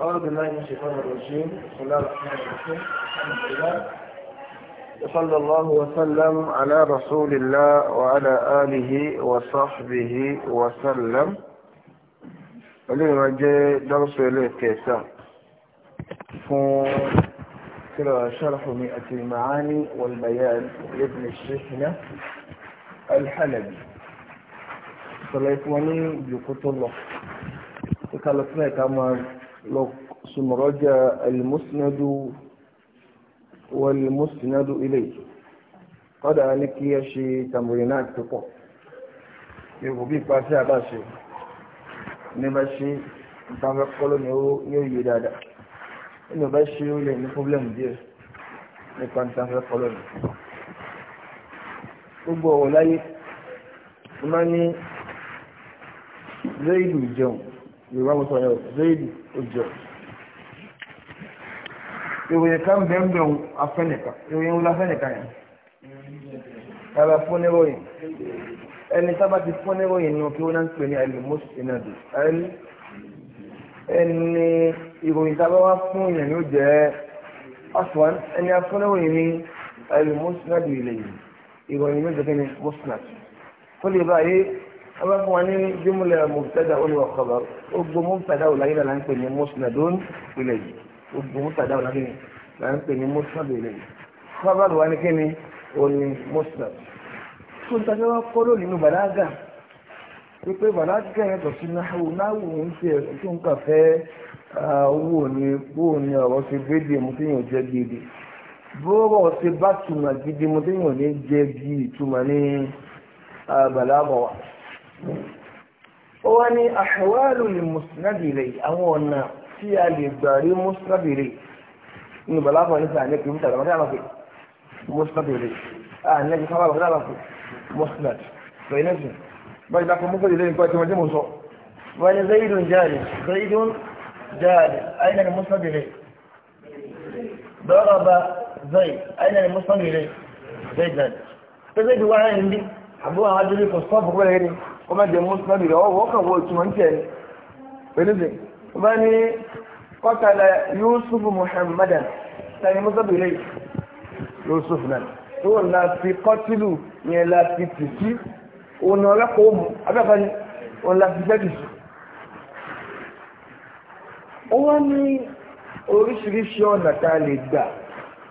أعوذ بالله من الشيطان الرجيم بسم الله الرحمن الرحيم الحمد لله وصلى الله وسلم على رسول الله وعلى آله وصحبه وسلم ولن جاء درس إليه كيسا شرح مئة المعاني والبيان لابن الشحنة الحلبي صليت وني بكتب الله وكالتنا كمان ثم رجع المسند والمسند إليه قد عليك يا شي تمرينات تقوى يرغبي باسي أباسي نمشي نتعرف قولون يوي دادا إنه باشي يولي نفبلم دير نكون تعرف قولون gbogbo ọ̀wọ̀ láyé ọmọ ní zéìlú yorùbá mo sọ yẹn zaidi ojo ìròyìn kan bẹ̀rẹ̀ afẹ́nìkan ìròyìn wọn afẹ́nìkan yẹn tàbí fún níròyìn ẹni sábà ti fún níròyìn nù kí wọ́n ń pè ní alimus inadi ẹni ìròyìn sábà wá fún yẹn ló jẹ́ aswan ẹni afúniròyìn ní alimus inadi ilẹ̀ yìí ìròyìn ló jẹ́ kí ni musnad kó lè báyìí ọba fún wa ní jumla mubtada wa khabar gbogbo mubtada òlàyé là ń pè ní musnadun ilayhi gbogbo mubtada òlàyé là ń pè ní musnadun ilayhi khabar wa ní kíni òní musnad tó ń tajà wá kọ́ lónìí nínú bàdágà wípé bàdágà yàtọ̀ sí náhùn náhùn ń ṣe tó ń kà fẹ́ owó ni bóò ni ọ̀rọ̀ ṣe gbédè mu téèyàn jẹ́ gbédè bóòrọ̀ ṣe bá túmọ̀ gidi mu téèyàn ní jẹ́ bí ìtumọ̀ ní bàlágà wa ó wá ní àṣewálù ní mùsùlùmí àwọn ọ̀nà tí a lè gbà rí mùsùlùmí rè ní bàláfà ní sàánẹ́ kì í tàbí àwọn àlàfẹ́ mùsùlùmí rè àánẹ́ kì í sábà àwọn àlàfẹ́ mùsùlùmí rè ní sùn báyìí dákọ̀ mùsùlùmí rè ní kọ́ tí wọ́n jẹ́ mùsọ̀ wọ́n ní zaidun jáde zaidun jáde àyìn ní mùsùlùmí rè ضرب زيد أين المصنع إليه زيد زيد فزيد واحد عندي أبوها عدل في الصف ولا غيره ó má jẹ mùsùlùmí rẹ̀ ọwọ́ kan wo ìtumọ̀ ń tẹ̀ pẹ̀lú bẹ̀ ó bá ní kọ́tàlá Yusuf Muhammadan sani mùsùlùmí Yusuf náà tó wọ́n la fi kọ́tìlù yẹn la fi tìsí òun náà lọ́kọ̀ọ́ mu abẹ́fẹ́ ni òun la fi fẹ́ẹ́ ó wá ní oríṣiríṣi ọ̀nà tá lè gbà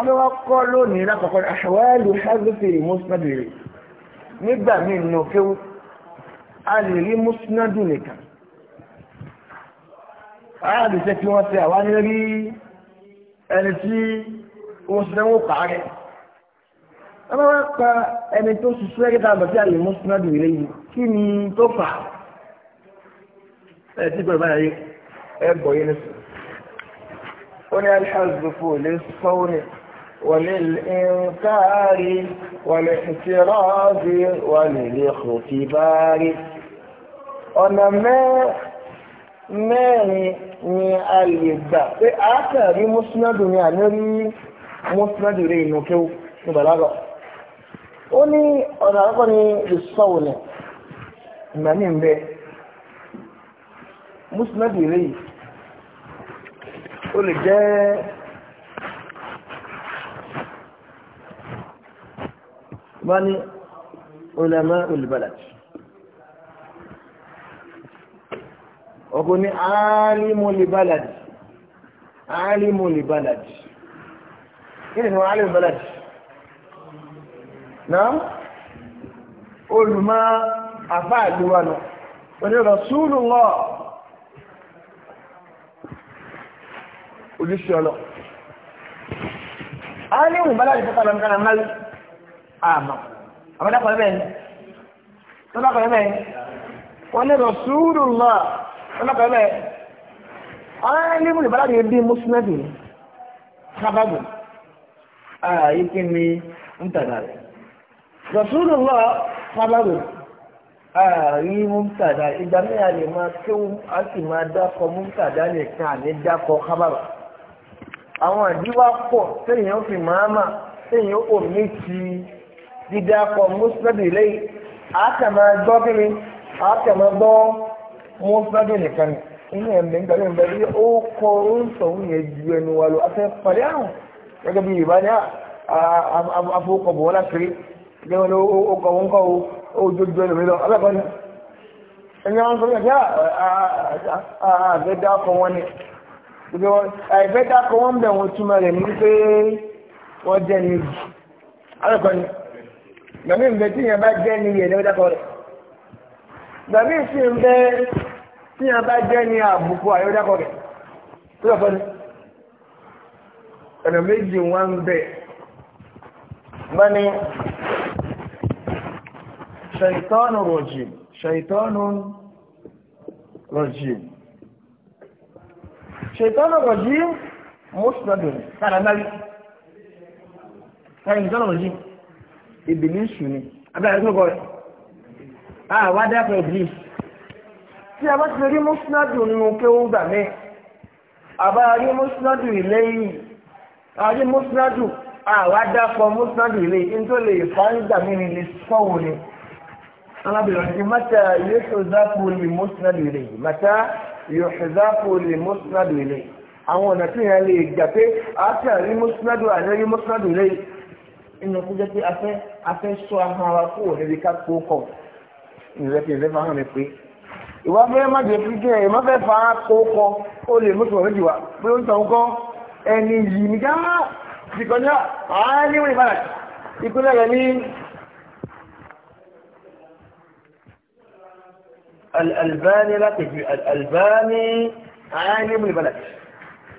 alọ́wọ́ kọ́ lónìí lákọ̀ọ́kọ́ àṣàwálù hazifiri musnadu rẹ̀ nígbà míì nù kéwú a lè rí musnadu nìkan aláàdìsẹ́ tí wọ́n ti àwá ní rí ẹni tí wọ́n ti dánwó pàárẹ̀ ọmọ wọn pa ẹni tó ṣiṣẹ́ ẹgbẹ́ tàbí tí a lè musnadu rẹ̀ yìí kí ni tó fà ẹ̀ tí bẹ̀rẹ̀ báyìí ẹ̀ bọ̀ yẹn ní sọ ó ní alhazufu lè sọ́wọ́ nìkan وللإنكار والاعتراض وللاختبار ọ̀nà mẹ́rin ni a lè gbà pé a kàrí mọ́sánádù ni a ní rí mọ́sánádù rí inú kéwú ní bàlágọ̀ ó ní ọ̀nà àkọ́kọ́ ni ìsọ̀wọ̀nà ìgbà ní ìbẹ́ mọ́sánádù rí ó lè jẹ́ wọ́n ní ulama olùbàdàn ọkùn ní alimu olùbàdàn alimu olùbàdàn kí ni alimu olùbàdàn náà olùmọ̀ àfáàlú wa nù wọ́n ní rasulullah olùsọ̀lọ̀ alimu olùbàdàn fọ́kànlá àmọ́ àwọn ẹ̀kọ́ bẹ́ẹ̀ ni tó bá kọ́ wọ́n ní rọ̀ṣúrù lọ tó bá kọ́ bẹ́ẹ̀ ọ̀rẹ́ ní mú ìbára yìí bí mùsùlùmí sábàbù ààyè ni ń tàdà rẹ̀ rọ̀ṣúrù lọ sábàbù ààrí múmtàdá ìgbà mẹ́ra lè máa kéwú á sì máa dákọ nìkan àní àwọn dídákọ̀ mùsùlùmí lẹ́yìn àkàmà gbọ́ kíni àkàmà gbọ́ mùsùlùmí nìkan ni inú ẹ̀mí ń gbàgbé nígbà tí ó kọ oúnjẹ òun yẹn ju ẹnu wa lọ afẹ́ pàdé àrùn gẹ́gẹ́ bí ìbá ní àfọwọ́kọ̀ bọ̀ wọ́n lákiri gẹ́gẹ́ bí ó kọ wọn kọ́ ó jójú ẹnu mi lọ alákọ̀ọ́ ni ẹni wọn sọ fún mi wọn ni àìfẹ́ dákọ̀ wọn bẹ̀ wọn túmọ̀ rẹ̀ ní pé wọ́n jẹ́ ni alẹ́kọ̀ọ́ ni gbàmí ń bẹ tí yẹn bá jẹ́ ní yẹn lọ́wọ́ dákọ̀ rẹ̀ gbàmí sì ń bẹ tí yẹn bá jẹ́ ní àbùkù àyọ̀ dákọ̀ rẹ̀ tó lọ́ fọ́ni ọ̀nà méjì wọn ń bẹ wọ́n ní ṣàìtọ́nù rọ̀jìm ṣàìtọ́nù rọ̀jìm ṣàìtọ́nù rọ̀jìm mọ́sùlùmí kára náà ṣàìtọ́nù rọ̀jìm ìbìlísù ni abẹ́rẹ́ tó kọ́ rẹ̀ àwọn adákan ìbìlísù tí a bá ti rí mọ́sánádù nínú kéwú gbà mẹ́ àbá rí mọ́sánádù ìlẹ́yìn àrí mọ́sánádù àwọn adákan mọ́sánádù ìlẹ́yìn tó lè fà ń gbà mí ní sọ́wọ́ ni alábìrìn ti mata yóò ṣòzáfò lè mọ́sánádù ìlẹ́yìn mata yóò ṣòzáfò lè mọ́sánádù ìlẹ́yìn àwọn ọ̀nà tí yẹn lè gbà pé àti àrí mọ́sánádù àrí mọ́sánádù ìlẹ́yìn nínú kó jẹ́ pé afẹ́ afẹ́ sọ ahọ́n ara kó wò níbi ká kó kọ̀ ìrẹ́pì ìrẹ́pì ahọ́n mi pé ìwà fẹ́ má jẹ́ fi jẹ́ ìmọ̀ fẹ́ fa kó kọ ó lè mú sọ̀rọ̀ méjì wá pé ó ń tàn kọ́ ẹni yìí ní ká ti kọjá àá ní wọ́n ìbára ìpínlẹ̀ rẹ̀ ní الألباني لا تجي الألباني عالم البلد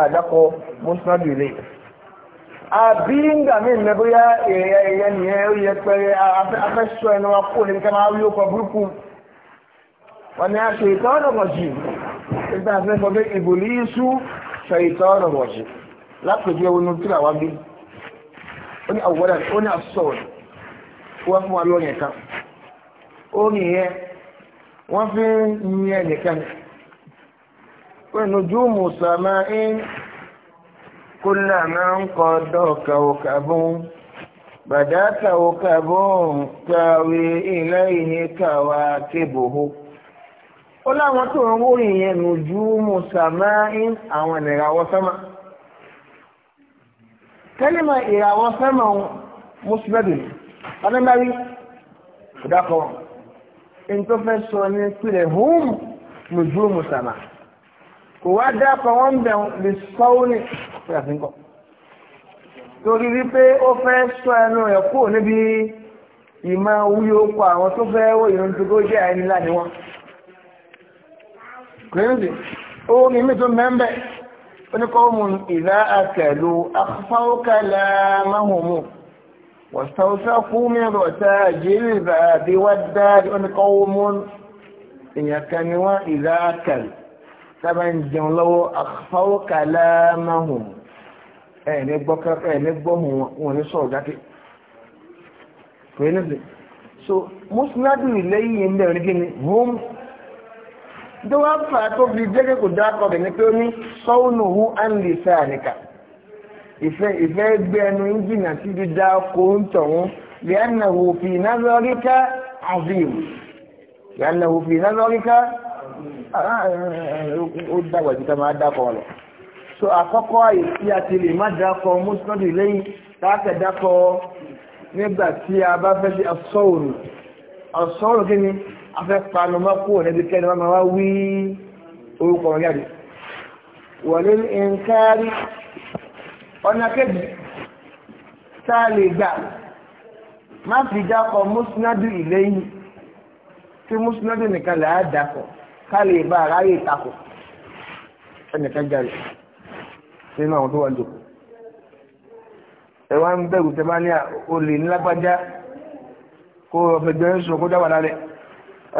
àdákọ mọ́sánàdù àbí ńgbà mí ìlẹ̀ bóyá èèyàn èèyàn nìyẹn ó yẹ pẹ̀lẹ́ afẹ́sọ ẹni wa kó lè kẹ́mà wí ọkọ̀ burúkú wọn ni a ṣe ìtọ́nà wọ̀jì nígbà àfẹ́fọ́ pé ìbòlí iṣu ṣe ìtọ́nà wọ̀jì lápèjú ẹwọ́n tí làwa bí ó ní àwòrán ó ní àsọ̀rọ̀ wọ́n fún wa lóyìn ونجوم سماء كلما انقضى كوكب بدا كوكب تاوي إليه كواكبه ó láwọn tó ń wórí yẹn nujumu sàmáín àwọn ìràwọ̀ sánmà kẹ́lìmọ̀ ìràwọ̀ sánmà mùsùlùmí ọdúnbárí kò dákọ̀ wọn ní kò wá dápọ̀ wọ́n ń bẹ̀rùn lè sọ́wọ́ ní ìfẹ́sìnkọ́ torí wípé ó fẹ́ sọ ẹnu rẹ̀ kú níbi ìmọ̀ wúyọ kọ àwọn tó fẹ́ wọ ìrìn tó tó jẹ́ ẹni láti wọn kìrìndì ó ní mi tó mẹ́mbẹ́ oníkọ́mù ìlà àkẹ́lú afọ́kàlà máhùnmù wọ̀sọ̀ọ́sọ́kú mi rọ̀ta jìrìbà bí wá dáadé oníkọ́mù ìyàkẹ́ ni wọ́n ìlà àkẹ́lú sábà ń jẹun lọ́wọ́ àfáwọ́ kàlámáhùn ẹ̀ẹ̀ni gbọ́hùn wọn ní sọ̀rọ̀ jákè kò ní sí so mùsùlùmí lẹ́yìn ilẹ̀ orí gíní hum tó wá fà tó fi jẹ́gẹ́ kò dákọ̀ rẹ̀ ní pé ó ní sọ́ọ̀nù hu á ń lè fẹ́ àníkà ìfẹ́ gbé ẹnu ìjìnà sí ti dá kó ń tọ̀hún lẹ́yìn náà wò náà lọ́ríkà ó eh, eh, dàgbà jù ká máa dákọ̀ lọ so àkọ́kọ́ àyè tí a ti lè má dákọ̀ mọ́sílọ́dì lẹ́yìn táàkẹ́ dákọ̀ nígbà tí a bá fẹ́ sí asọ́ọ̀rù asọ́ọ̀rù kí ni a fẹ́ panu mọ́ kúrò níbi kẹ́ni máa wá wí orúkọ wọn jáde wọlé nkárí ọ̀nà kejì tá a lè gbà má fi dákọ̀ mọ́sílọ́dì lẹ́yìn tí mọ́sílọ́dì nìkan là á dákọ̀ káàlì ìbá aráyè ìtakò ẹnìkan jáde nínú àwọn tó wà jòkó ẹwà ń bẹ̀rù tẹ bá ní olè ńlágbájá kó ọ̀fẹ̀jọ ń sọ kó dáwà lálẹ́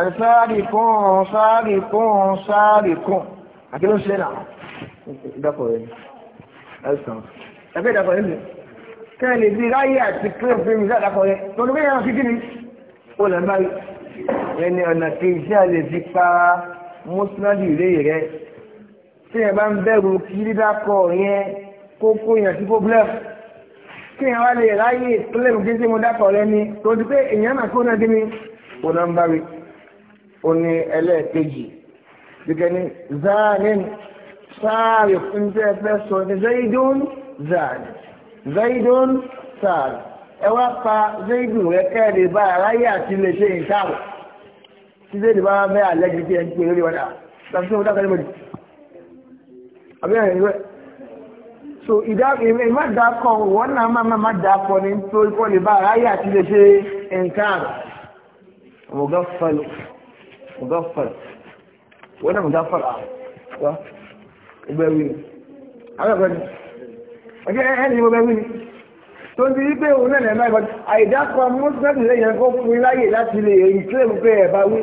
ẹ̀ sáàrì kún sáàrì kún sáàrì kún àti ló ń ṣe náà ìdákọ̀ rẹ̀ ẹ̀sán ẹgbẹ́ ìdákọ̀ rẹ̀ lè kẹ́lẹ̀ bí ráyè ni ó lẹ́ ẹni ọ̀nà kejì náà lè fi pa mọ́sánádì ìrè rẹ tí yẹn bá ń bẹ̀rù kí dídákọ̀ yẹn kó kó yẹn sí problem kí yẹn wá lè ráyè problem kí sí mo dákọ̀ rẹ ni tó ti pé èèyàn náà kó náà dé mi kò náà ń bá rí ó ní ẹlẹ́ẹ̀kejì gẹ́gẹ́ ní zanin sáàrì fún tẹ́ fẹ́ sọ ní zaidun zaani zaidun sáàrì ẹ wá pa zéèdù rẹ kẹ́ẹ̀lẹ́ bá aráyé àti lè ṣe ìṣàrò tí zéèdù bá wá bẹ́ẹ̀ alẹ́ gidi ẹni pé lórí wọn náà tàbí tí wọ́n dákẹ́ lẹ́mọ̀dì abẹ́rẹ́ rẹ̀ so ìdá ìmọ̀ má dákọ̀ wọ́n náà má má má dákọ̀ ní nítorí kọ́ lè bá aráyé àti lè ṣe ìṣàrò mọ̀gáfàlù mọ̀gáfàlù wọ́n náà mọ̀gáfàlù àwọn ẹgbẹ́ wí ni àwọn ẹgbẹ́ wí ni tó ń ti rí pé òun náà lẹ́mọ̀ ẹ̀kọ́ àìdákọ mọ́sílẹ́tì lẹ́yìn kó fún mi láyè láti lè èyí tí lè pé ẹ̀ bá wí.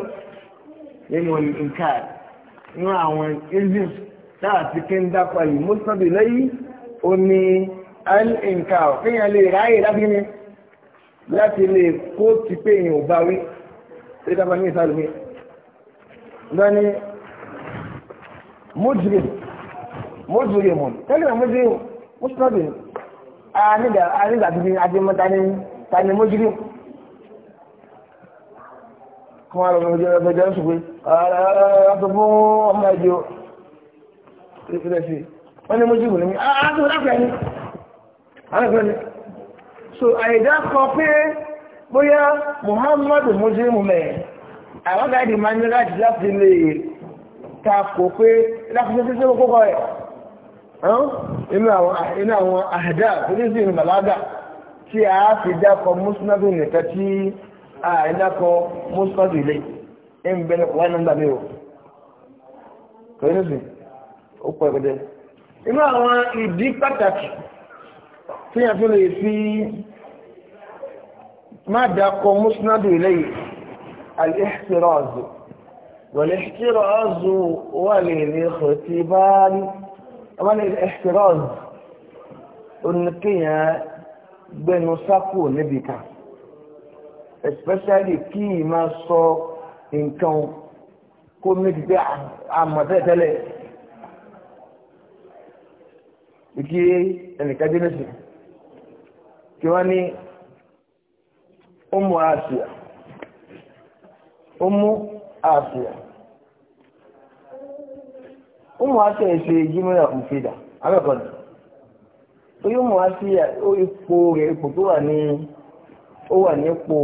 nínú nǹkan nínú àwọn egypt táà ti kí ń dákọ yìí mọ́sílẹ́tì lẹ́yìn ó ní nǹkan kéèyàn lè ráyè láti ní láti lè kó ti pé èèyàn ò bá wí. ṣé dábàá ní ìsàlùmí? lọ́ni mujrim mujrimun tẹ́lẹ̀ mujrim mọ́sílẹ́tì Ah, ah, nígbà tí adé mọ́ta ní tani mójúlé kí wọ́n lọ bẹ̀rẹ̀ bẹ̀rẹ̀ oṣù pé ọ̀rọ̀ fún ọmọ ẹ̀jọ́ ìfẹ́ sí wọ́n ní mójúlé ní ààtò láfẹ́ ní àwọn ìfẹ́ ní so àìdá kan pé bóyá Muhammadu mójúlé mú mẹ́rin àwọn gáàdì máa ní láti láti lè takò pé láti ṣe tí ó kókó rẹ̀ inú àwọn àhàdá oníṣì ìrìn bàlágà tí a fi dákọ mùsùlùmí nìkan tí a dákọ mùsùlùmí ilé ń bẹ wáyé nọ́mbà mi o kìrìsì ó pọ̀ ẹ̀kọ́dẹ́ inú àwọn ìdí pàtàkì tí a fi lè fi má dákọ mùsùlùmí ilé al-ihtiraz wal-ihtiraz wà lè ní ìkọ̀tí báyìí wọ́n ní ẹ̀ṣẹ̀rọ́z oníkéèyàn gbẹnu sákò níbi kan especially kí ì máa sọ nǹkan kó méjì pé àmọ̀tẹ́tẹ́lẹ̀ kí ẹnìkan dé nísìn kí wọ́n ní ọmọ àṣìyà ọmọ àṣìyà umu wa ṣe ṣe jimura mufida abẹ́kọ̀dù orí umu wa ṣe ipò rẹ̀ ipò tó wà ní ó wà ní ipò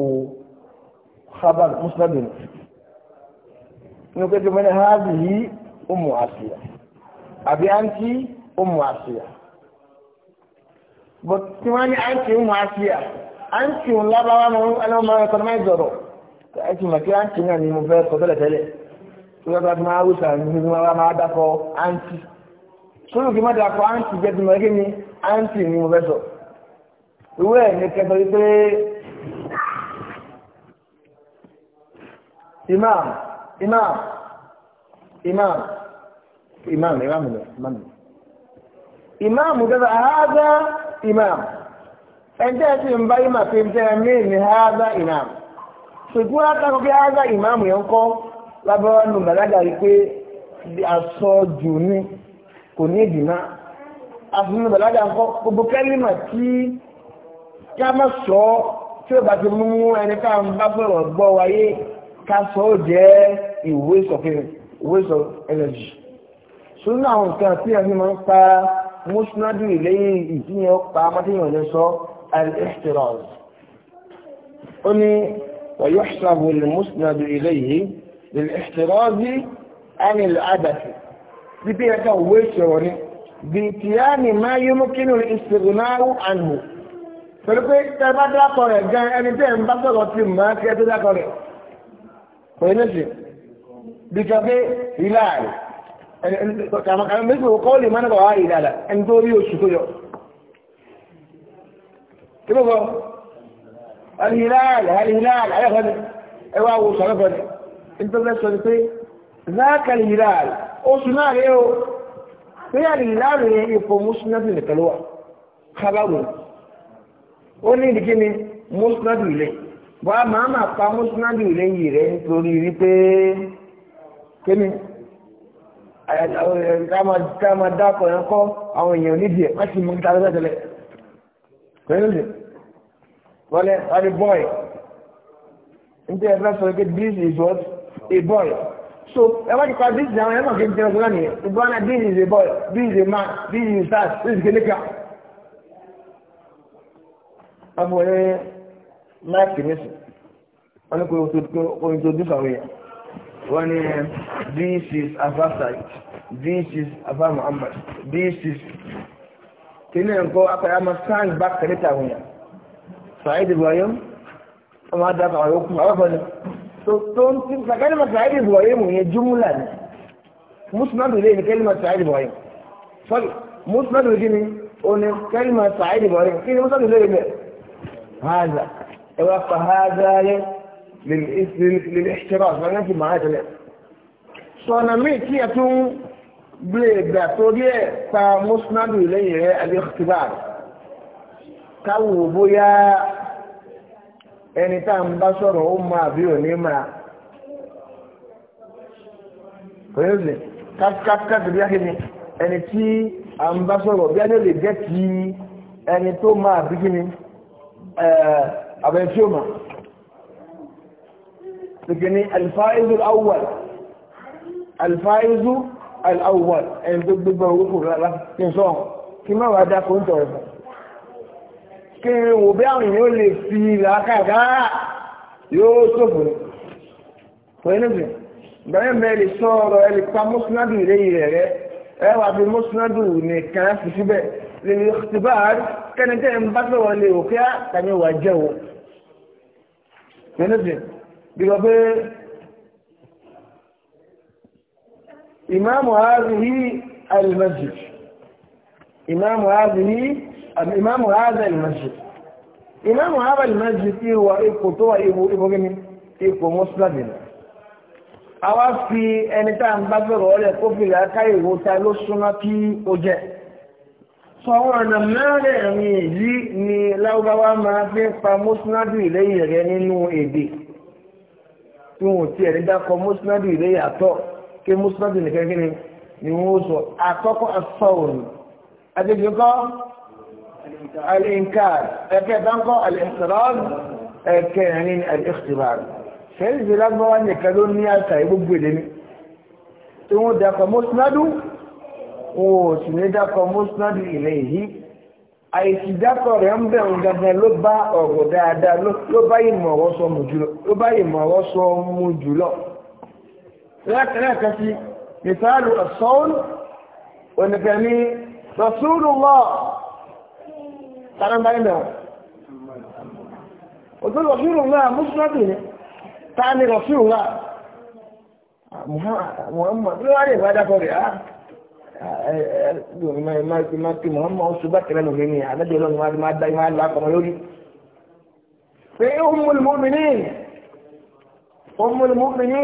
khabar musnadun inú pé tó mẹ́rin hábì yìí umu asiya àbí àǹtí umu asiya but tí wọ́n ní àǹtí umu asiya àǹtí ń lábáwá mọ́ ẹlẹ́wọ̀n máa ń kọ́ ní máa ń zọ̀rọ̀ àǹtí lọ́dọ̀ tí máa wùsà ní ibi máa máa dákọ̀ áǹtì sórí kí má dákọ̀ áǹtì jẹ́ tí máa kí ni áǹtì ni mo fẹ́ sọ ìwé ẹ̀ ní kẹta wípé imam imam imam imam imam imam imam dára àádá imam ẹjẹ́ tí ń bá imam fi jẹ́ mí ní àádá imam ṣùgbọ́n látàkọ́ bí àádá imam yẹn kọ́ lábáwá nù bàlágà yìí pé aṣọ jù ní kò ní ìdìmá àfihàn bàlágà ńkọ gbogbo kẹ́límà tí ká má sọ tí ó bá ti mú ẹni ká ń bá bọ̀rọ̀ gbọ́ wáyé ká sọ ó jẹ́ ìwé sọfẹ́ ìwé sọ ẹlẹ́jì للاحتراز عن الأبث بيبقى كويسور بيتيان ما يمكن الاستغناء عنه فلقد اتبعت لأقول جان أني بيهم بطل وطيم ما كيات لأقول فلنسي بيكافي إلال كما كان مثل قولي ما نقول هاي إلالا انتو ريو شكويو كيف هو الهلال الهلال على خلق ايوه هو صرفني nítorí sọ ni pé zákàlì ìlàrí oṣù náà rẹ̀ o pé àrí ìlàrí yẹn ipò mùsùlùmí nìkan ló wà kábàwò ó ní ìdíkí ni mùsùlùmí ilé bọ́ a máa máa pa mùsùlùmí ilé yìí rẹ̀ nítorí wípé kémi ká máa dákọ̀ yẹn kọ́ àwọn èèyàn nídìí ẹ̀ má sì mú ta lọ́sẹ̀ tẹ́lẹ̀ pẹ̀lú lè wọlé wọlé bọ́ọ̀ì nítorí ẹ fẹ́ sọ pé this is what a boy. So I want to call this now, everyone can tell you, the boy, this is a boy, this is a man, this is a son, this is a nigga. Ọmọ ẹ láìpẹ́ nísìn, wọ́n ní kò introduce àwọn èèyàn. Wọ́n ní eh, this is a Abasai, this is Abba Muhammad, this is. Kí ni nǹkan apẹ̀rẹ̀ àmọ́ sáǹg bá kẹ̀lẹ́tà àwọn èèyàn? Sàáyé dìbò ayé, ọmọ adáka àwọn yòókù, àwọn ọ̀gbọ́n ni tó ń tí kẹ́lìmà sàáìd ìbùrọ̀yìn mò yẹn júmùlà ni mùsùlùmí lè ní kẹ́lìmà sàáìd ìbùrọ̀yìn sọ́rí mùsùlùmí lè ní oní kẹ́lìmà sàáìd ìbùrọ̀yìn kí ni mùsùlùmí lè bẹ̀ hàzà ẹ wá fa hàzà yẹ lè ṣẹ́rọ̀ àgbáyé ti máa tẹ̀lé sọ̀nà míì tí a tún gbé gbà torí ẹ̀ ta mùsùlùmí lè yẹ alẹ́ ẹni tá à ń bá sọ̀rọ̀ ó mọ àbí ò ní mọ̀ kò yóò lè káàkiri bí ákíní ẹni tí à ń bá sọ̀rọ̀ bí ákíní lè jẹ́ kí ẹni tó mọ àbí kíni àbẹ̀ tí ó mọ̀ ìkíní alfaizu al'awwal alfaizu al'awwal ẹni tó gbégbé orúkọ láti sọ̀rọ̀ kí má wàá dá kó ń tọ̀rọ̀ kí wò bí àwọn èèyàn lè fi làákàdá yóò ṣòfò fún ẹnìbìrì ìgbàlẹ́ mẹ́rin lè sọ ọ̀rọ̀ ẹ lè pa mọ́sánádù lẹ́yìn rẹ̀ rẹ̀ ẹ wà bí mọ́sánádù nìkan fi síbẹ̀ lè lè ṣùgbọ́n kẹ́nikẹ́ni ń bá sọ̀rọ̀ lè wò kíá wà jẹ́ wò ẹnìbìrì bí pé ìmáàmù ààrùn yìí àlùmọ́jì ìmáàmù ààrùn yìí imamu هذا المسجد. masjid هذا المسجد al-masjid tí wà ipò tó wà ipò ipò gíní ipò mọ́sílámì ni a wá fi ẹni tá à ń bá bẹ̀rọ̀ ọlẹ̀ kó fi rà ká ìwò ta ló súnmọ́ kí ó jẹ́ sọ àwọn ọ̀nà mẹ́rẹ̀ẹ̀rin èyí ni láwùbáwá máa fi ń pa mọ́sílámì lẹ́yìn rẹ̀ nínú èdè tí wọn ti ẹ̀rí dákọ̀ mọ́sílámì lẹ́yìn àtọ̀ kí mọ́sílámì nìkan kí ni wọ́n sọ àkọ́kọ́ àfọ̀ọ̀nù àti ìjọkọ́ الإنكار لكن تنقى الاحتراز يعني الاختبار سيد بلاد موان يكادون نيالتا يبقوا لني تمو داك مسند وسمي داك مسند إليه أي سيداك رمضة وغانا لبا أغدا دا لبا يموصو مجلو لبا يموصو مجلو لكن لك في مثال الصول ونكامي رسول الله tàbí báyìí bẹ̀rẹ̀ òtún rọ̀fíìrùlá mùsùlùmí ni ta ni rọ̀fíìrùlá muhammad ló wá ní ìbájá rẹ̀ ah, eh, eh, á máa pe muhammad oṣù bá kẹrẹ́ lómi ni àlejò ọlọ́run wá máa dá máa lọ akọ̀mọ́ lórí pé ó mú ni mọ́mí ní ó mú ni mọ́mí ní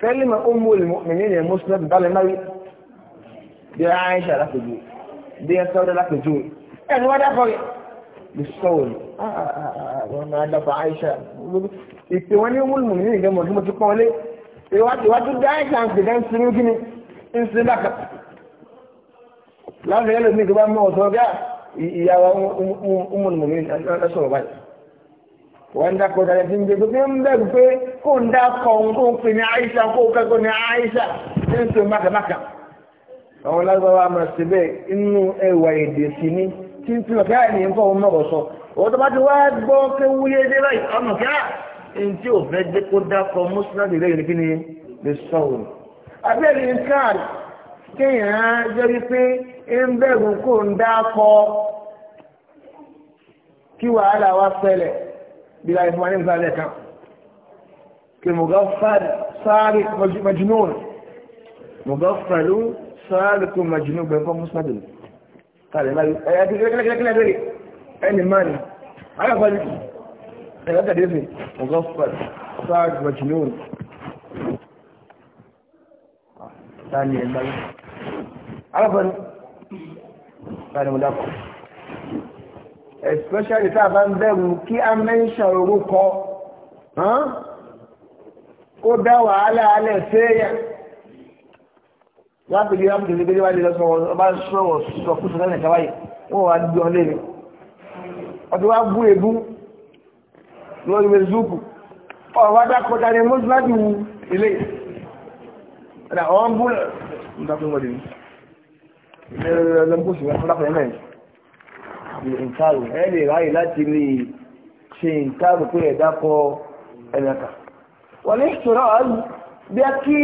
kẹ́lí ma ó mú ni mọ́mí ní mùsùlùmí bá lè bí ẹ sọ́dọ̀ lápẹ̀jú ẹni wọ́n dákọ̀ rẹ̀ bí sọ́ọ̀lù àwọn ọmọ adápa Aisha ìpè wọn ní múlùmù ní ìgbẹ́ mọ̀ tí mo ti pọ́n lé ìwájú dá Aisha ń pèdá ń sinú kí ni ń sin bàkà láti ẹlò ní ìjọba mọ́ ọ̀sán gá ìyàwó múlùmù ní ẹsọ̀rọ̀ báyìí wọ́n dákọ̀ dáadáa ti ń gbé tó fi ń bẹ̀rù pé kó ń dákọ̀ òun kó ń pè ní Aisha kó kẹ́kọ̀ọ́ ní Aisha ń sin bàkà bàkà àwọn lágbàwà máa ṣe bẹ́ẹ̀ inú ẹwà èdè sí ní tí ń tilọ̀ káà ní nǹkan ọmọ ọ̀rọ̀ sọ ọ̀rọ̀ tó bá ti wá gbọ́ pé wúyé dé báyìí ọmọ káà ní tí ò fẹ́ dé kó dákọ mọ́sílẹ́dì lẹ́yìn ni lè sọ̀rọ̀ abẹ́rẹ́ nǹkan kéèyàn jẹ́ wípé ń bẹ̀rù kó ń dákọ kí wàhálà wá ṣẹlẹ̀ bí láì sáàlùkù màjìnú gbẹ̀fọ́ mùsùlùmí kàlẹ̀ láyé ẹ̀yà tí kílẹ̀kílẹ̀ bẹ̀rẹ̀ ẹni máa ni alábàálì ẹ̀yà tàbí ẹ̀fẹ̀ ọgọ́fà sáàlùkù màjìnú tani ẹ̀gbá yìí alábàálì tani mo especially tá a bá ń bẹ̀rù kí a mẹ́ńṣà orúkọ ó dá wàhálà alẹ́ fẹ́yà láti rí ọmọdé gbégbé wáyé lọ́sọ̀rọ̀ ọba sọ̀rọ̀ sọ̀kúsọ̀ lẹ́nì kawáyé wọ́n wá gbé ọ léèrè ọdún wá bú ebú lórí facebook ọ̀rọ̀ wá dákọjá ní mọ́sí láti wu ilé ọ̀dà ọ̀n bú lọ́kùnrin wọ́n dé ní ẹlẹ́gbọ́sì wọn lápẹ̀ náà ní ìntàrù ẹ lè ráyè láti lè ṣe ìntàrù pé ẹ̀dá kọ ẹ̀lẹ́ka wọ́n ní ìṣòro ọ̀hún bíá kí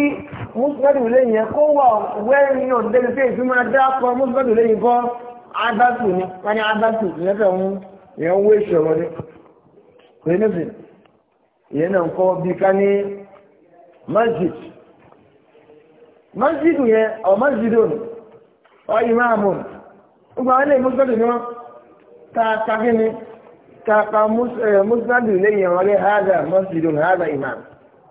mùsùlùmí lẹ́yìn ẹ̀ kó wà wẹ́rin náà débi pé ìfimọ́ a mùsùlùmí lẹ́yìn kọ́ adásù ni wọ́n ní adásù lẹ́fẹ̀ ń yẹn wé ìṣòro ni pé níbi ìyẹn náà kọ́ bí ká ní masjid masjid yẹn ọ̀ masjid òní ọ̀ ìmáàmù gbogbo àwọn ilé mùsùlùmí ta ta ni ta pa mùsùlùmí lẹ́yìn ọ̀rẹ́ hádà masjid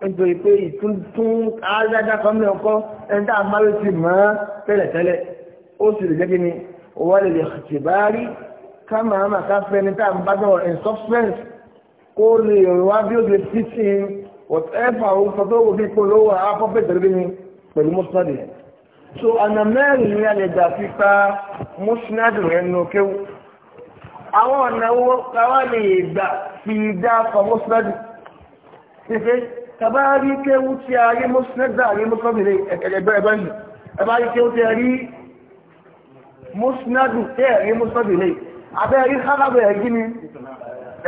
nítorí pé ìtúntún aládá kan ọkọ́ ẹni tá a máa ló ti mọ́ tẹ́lẹ̀tẹ́lẹ̀ ó sì lè jẹ́ kí ni òwò lè lè ṣe bá rí ká máa máa ká fẹ́ ni tá a bá dọ̀rọ̀ in substance kó lè rìn wá bí ó lè fi sí i whatever ó sọ tó wò bí kò lówó àápọ́ pé tẹ̀lé ni pẹ̀lú mọ́sánádì rẹ̀ so ọ̀nà mẹ́rin ni a lè gbà fi pa mọ́sánádì rẹ̀ nù kéwù àwọn ọ̀nà wo káwá lè gbà fi dá pa mọ́sánádì tàbá rí kéwú tí a rí mọ́sílẹ́gbà rí mọ́sílẹ́gbìnrin ẹ̀kẹ̀lẹ̀gbẹ́ ẹgbẹ́ yìí ẹbá rí kéwú tí a rí mọ́sílẹ́gbù tí a rí mọ́sílẹ́gbìnrin abẹ́ rí hárábẹ̀ ẹ̀gí ni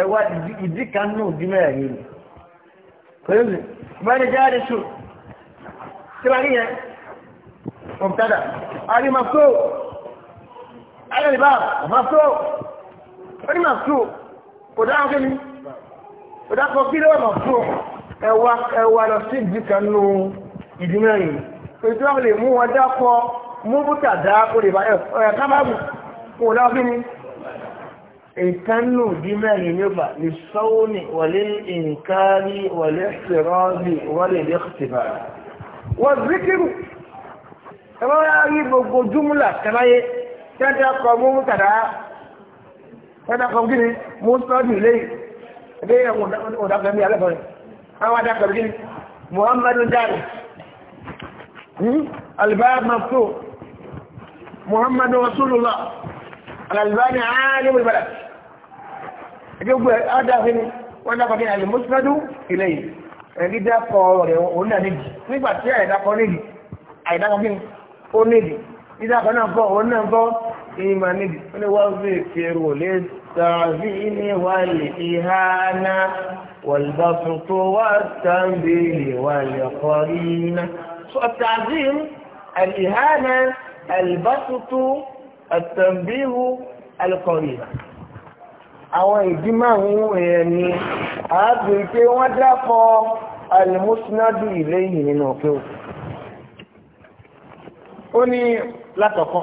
ẹwà ìdíkanú ìdímẹ̀ẹ̀rí Kò dáa kí ni? Kò dáa kọ kí lọ́wọ́ mọ̀ fún ẹwà ẹwà lọ sí ìdí kan nù ìdí mẹ́rin ètò àwọn lè mú wọn dákọ mú bùtà dá kó lè bá ẹ kábàbù kó lọ bí ni. ìkánú ìdí mẹ́rin ní ọba lè sọ́wọ́ ní wọlé ìǹkárí wọlé ṣèrọ́ọ̀bì wọlé ìdí wọ́n zikiru ẹ̀rọ rí gbogbo júmùlà kẹláyé tẹ́tẹ́ kọ mú bùtà dá tẹ́tẹ́ kọ gíní mú sọ́ọ̀dì lẹ́yìn ẹgbẹ́ ọ̀dàkọ̀ mi alẹ́ fọ́rin àwọn adákọ̀ bí muhammadu dáre hmm? albab mafto muhammadu rasulullah alalbani alim albalad gbogbo adáfin wọ́n dákọ̀ bí alimusnadu ilẹ̀ yìí ẹ̀rí dákọ̀ rẹ̀ òun náà níbi nígbà tí àìdákọ̀ níbi àìdákọ̀ bí ó níbi ìdákọ̀ náà kọ́ òun náà kọ́ imani وظفر للتعظيم والإهانة والبسط والتنبيه والقرين التعظيم الإهانة البسط التنبيه القرين àwọn ìdí márùn-ún èèyàn ni a bí pé wọ́n dákọ alimusnadu ilé nínú òkè ó ní látọ̀kọ́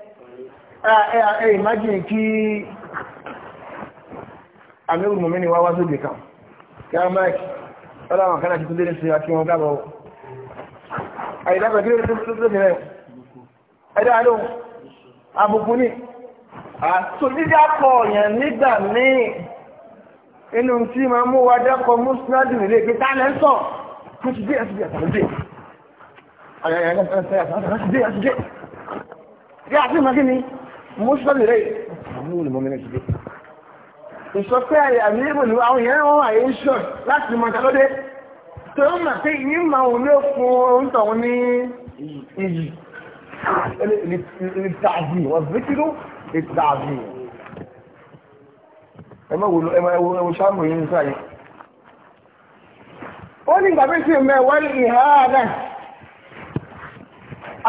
ẹ ìmájìnì kí amíru ni wá wá kan kí a máa kí ọlọ́wọ̀n kan láti tó lé sí àti wọn gábọ̀ àìdábẹ̀ kí lórí tó lé rẹ̀ ẹ̀dá àdó àbùkù ní àtòjíjá pọ̀ yẹn nígbà míì inú tí máa mú wa dẹ́kọ̀ mùsùlùmí nílé pé tá lẹ́ ń sọ kó ti dé àti dé àtàwọn dé àyàyà náà ti dé àti dé àti dé àti dé àti mùsùlùmí rẹ̀ àwọn olùmọ̀mí náà ti dé ìsọpẹ́ àmì ìbòlù àwọn èèyàn wọn wà yìí ṣọ́ láti mọ̀ tàlódé tó ń mà pé yìí máa wọn ló fún oúntọ̀hún ní iyì ìtààzì ọ̀sìnkìlú ìtààzì ẹmọ ṣáàmù yìí nípa yìí ó ní gbàgbé sí mẹ́wàá ìhà náà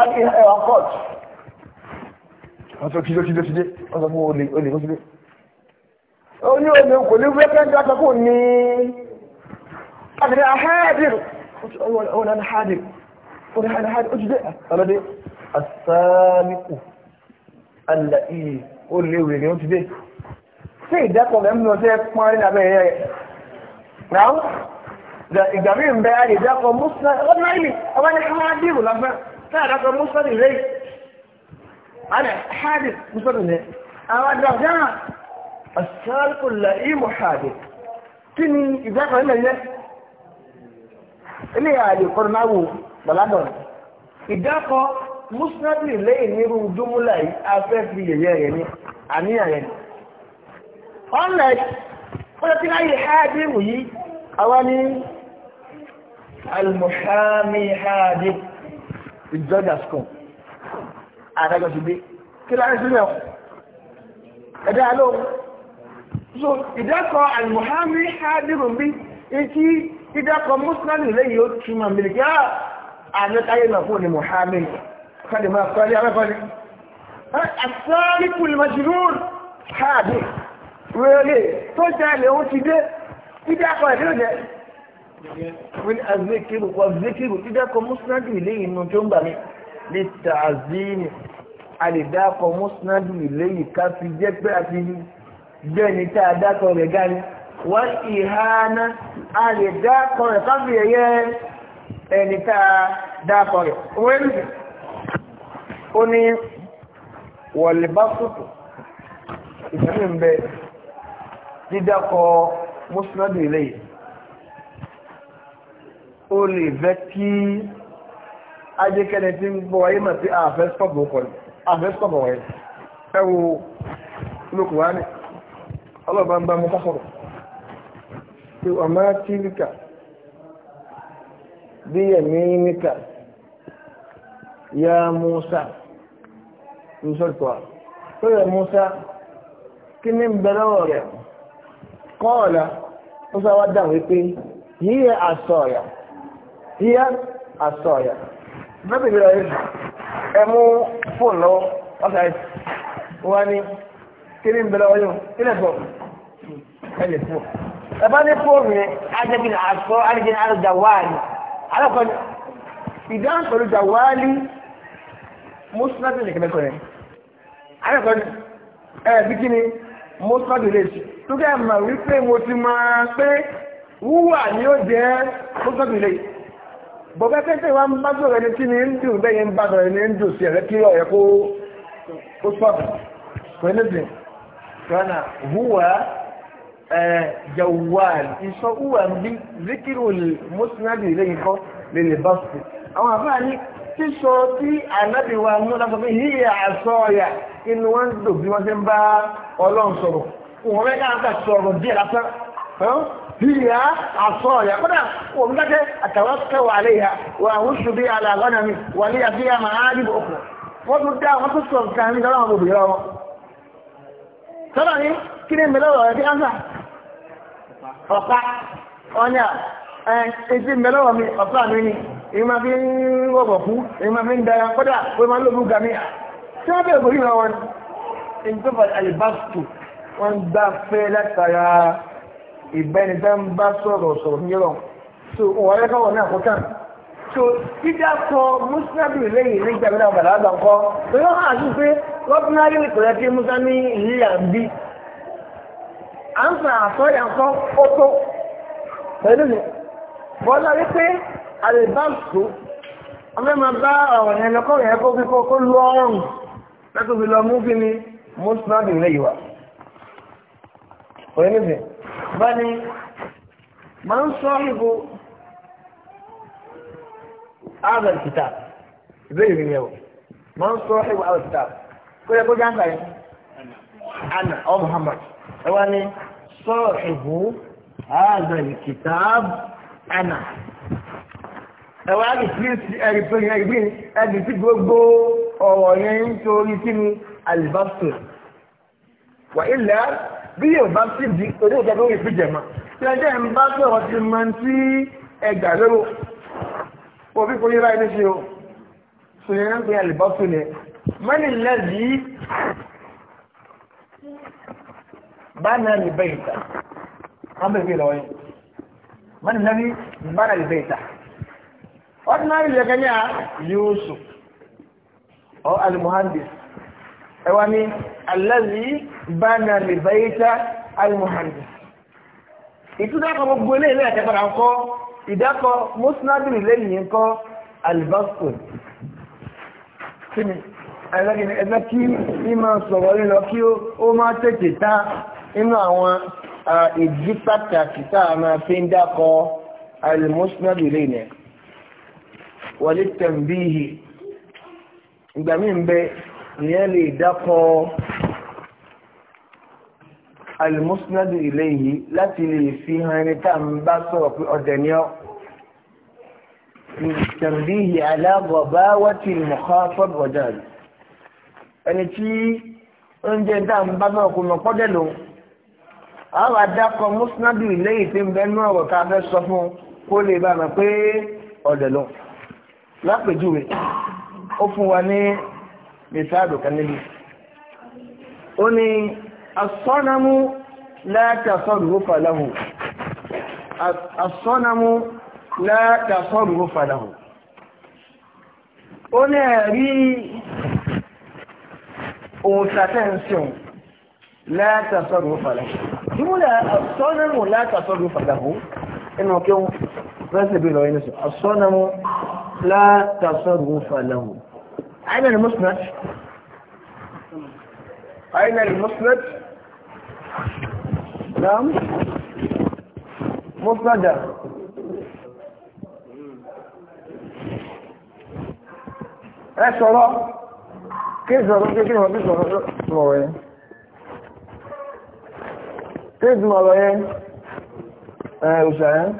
àti ẹwà kọ́ọ̀tù wọ́n sọ kí ló kí ló ti dé wọ́n sọ fún olè olè ló ti dé. ó ní olè kò ní wíwẹ́ kẹ́ńtà sọ fún mi àtẹ̀lẹ́ àhádìr ọ̀hún náà hádìr ọ̀hún náà hádìr ó ti dé ọ̀lọ́dẹ asáníkù alàì olè wèrè ni ó ti dé. ṣé ìdákọ̀ rẹ̀ ń lọ sí ẹ̀pọ́n rí lábẹ́ ẹ̀yẹ rẹ̀ náà ìgbà mi ń bẹ àdìdákọ̀ mùsùlùmí ọ̀nà ìlú ọ̀nà hádìr lọ́fẹ́ náà àdàkọ̀ mùsùlùmí rẹ̀ أنا حادث مصرنا أنا درجان السالق اللئيم حادث كني إذا قلنا لي إلي علي قرناو بلادون إذا قل مسند لي نيرو جملة أفف لي يعني أني يعني أنا قلت لي حادث وي أواني المحامي حادث الجدس àtàjọ ti gbé kí láyé sílẹ̀ ọ̀ ẹ̀dá lóhun so ìdákọ̀ alìmọ̀hámi hádìrùn bí ikí ìdákọ̀ mùsùlùmí lẹ́yìn ó túnmọ̀ mílíkì á ah, àmẹ́káyé náà fún ni mùhámi kọ́lì máa kọ́lì amẹ́kọ́lì ah, àtàrí kùlìmọ̀jìrún hádì rẹ̀lẹ̀ tó jẹ́ ó ti dé ìdákọ̀ ẹ̀dẹ́ Wọ́n ni àzíkìrù, wọ́n zíkìrù, ìdákọ̀ mùsùlùmí lẹ́yìn inú tó ń lítàzíìnì a lè dákọ̀ mọ́sánádù ìléyìí ká fi jẹ́ pé a ti gbẹ́ni tá a dákọ̀ rẹ̀ gani wọ́n ìhànà a lè dákọ̀ rẹ̀ ká fi ẹ̀yẹ ẹni tá a dákọ̀ rẹ̀ wẹ́rù ó ní wọ̀lẹ̀básùtù ìfẹ́mi ń bẹ dídákọ̀ mọ́sánádù ìléyìí ó lè bẹ́ kí ajékẹ́ni tí ń gbọ́ ayé màtí àfẹ́sọ̀bọ̀ wọ̀nyí ẹwù lókùnwání ọlọ́bàá ń bá mú kọ́sọ̀rọ̀ tí wọ́n máa tí níkà bí ẹ̀mí níkà ya Musa ìṣọ́tọ̀ tó yẹ Musa kí ní bẹ̀rẹ̀ rẹ̀ kọ́ọ̀lá Musa wá dáhùn wípé yíyẹ àsọ̀yà yíyẹ àsọ̀yà bẹ́ẹ̀ bí rẹ̀ ẹ mú fóònù lọ́wọ́ ọ̀sà ẹ̀ wọ́n ní kíní ń bẹ̀rẹ̀ ọyọ́ kílẹ̀ fọ́ ẹ lè fọ́ ẹ bá ní fóònù yẹn ajẹ́bí ní àṣọ àdìjẹ́ ní àlọ́ jàwáàlì alákọ̀ọ́ ìdáhùn pẹ̀lú jàwáàlì mùsùlùmí ní kẹ́mẹ́kọ̀ yẹn alákọ̀ọ́ ẹ bí kíni mùsùlùmí lè ṣe tó kẹ́ ẹ̀ mà wípé mo ti máa pé wúwà ni ó jẹ́ mùsùlùmí lè ṣe. bọ̀bẹ́ pẹ́ntẹ́ wa ń bá sọ̀rọ̀ ẹni tí ni ń dùn bẹ́yẹ ń bá sọ̀rọ̀ ẹni ń dùn sí ẹ̀rẹ́ kí ọ̀yẹ́ kó ó sọ̀rọ̀ pẹ̀lẹ́dìn kọ́nà húwà jawal ìṣọ́ húwà ń bí zikiru mọ́sánádì ilé ikọ́ lè bá sọ̀rọ̀ àwọn àfáà ní sísọ tí ànábì wa mú lásọ fún yíyẹ àṣọ ọ̀yà inú wọn dùn bí wọ́n ń bá ọlọ́run فيها عصايا قلنا ومن أتوكل عليها وأهش بي على غنمي ولي فيها معالم أخرى وقلت ده وقصة الكامل ده أبو بيراوة طبعا كده ملاوة يا دي أنزع ọ̀pá ọ̀nà ẹ̀ẹ́sí mẹ́lọ́wọ́ mi ọ̀pá mi ni èyí ma fi ń wọ́bọ̀ fún èyí ma fi ń dára kọ́dà pé ma lóòrùn gami tí wọ́n bẹ̀rẹ̀ borí wọn wọn ìjọba alìbáṣù ìbẹ́ni tẹ́ ń bá sọ̀rọ̀ sọ̀rọ̀ ní yọ̀rọ̀ so wọ́n rẹ́ káwọn náà kó kàn so dídá sọ mùsùlùmí lẹ́yìn ní ìgbà mìíràn bàlá àgbà ńkọ́ lóyún hàn àti pé lọ́dúnrún ní ìpìlẹ̀ tí musa ní ìlú yà ń bí à ń sàn àsọyà ńkọ́ ó tó pẹ̀lú mi bọ́lá rí pé àlèbáṣù ọfẹ́ máa bá ọ̀rọ̀ yẹn lọ́kọ́ yẹn kó fi kó lu ọrùn látòbí lọ mú kí ni mùsùlùmí lẹ́yìn wa. Oye nífẹ̀ẹ́ bani máa ń sọ ìbò àwọn kìtà ìbéèrè mi yẹwò máa ń sọ ìbò àwọn kìtà kó yẹ kó jáǹkà yẹn ana ọ muhammad ẹ wá ní sọ ìbò àwọn kìtà ana ẹ̀wọ̀n á lè fi ẹ̀rì tó yẹn ẹ̀rì bíi tí gbogbo ọ̀rọ̀ yẹn ń torí sínú alibaston wà ilẹ̀ bí yóò bá sí di torí òjò tó ń fi jẹ̀mọ́ tí ẹjẹ́ ń bá sọ̀rọ̀ ti mọ tí ẹgbà lérò òbí kò yíra ẹni ṣe o sùnyẹn náà ń pè àlìbọ́ sùnyẹn mọ́nì lẹ́yìí bá náà lè bẹ́ ìta wọ́n bẹ̀ fi lọ́yìn mọ́nì lẹ́yìí bá náà lè bẹ́ ìta ordinary lẹ́kẹ́ ní à Yusuf or al-Muhandis ẹwà ni alẹ́lì bánà lè báyíká alimuhanda ìtúdákọ̀ gbogbo ilé ilé ẹ̀kẹ́kọ̀ọ́ àkọ́ ìdákọ̀ mọ́sánádìrì lẹ́yìn ńkọ́ alibasco kíni ẹgbẹ́ kí ìmọ̀ sọ̀rọ̀ lílọ kí ó má tètè tá inú àwọn ìdí pàtàkì tá a máa ìyẹn lè dákọ alimusnadu ilé yìí láti lè fi hàn ẹni tá à ń bá sọ̀rọ̀ pé ọ̀dẹ̀ ni ọ́ tẹ̀mbíhì aláàbọ̀bá wọ́tí mọ̀kọ́fọ́ bọ̀dá ẹni tí oúnjẹ tá à ń bá sọ̀rọ̀ kò mọ̀ pọ́dẹ̀ lòun àwọn àdàkọ musnadu ilé yìí ti ń bẹnu ọ̀rọ̀ tá fẹ́ sọ fún kó lè bá mi pé ọ̀dẹ̀ lọ lápèjúwe ó fún wa ní mìsáàdù kan níbi ó ní asọ́nàmú látàsọ́rùrú fàlàhù asọ́nàmú látàsọ́rùrú fàlàhù ó ní ẹ̀rí ohun sàtẹ́ǹsìn látàsọ́rùrú fàlàhù jùmúlẹ̀ asọ́nàmú látàsọ́rùrú fàlàhù inú kí ó rẹ́sì bí lọ inú sọ asọ́nàmú látàsọ́rùrú fàlàhù أين المسند أين المسند نعم مسند ẹ sọ̀rọ̀ kí sọ̀rọ̀ kí kí wọ́n bí sọ̀rọ̀ sọ̀rọ̀ yẹn kí sọ̀rọ̀ yẹn ẹ̀ òṣà yẹn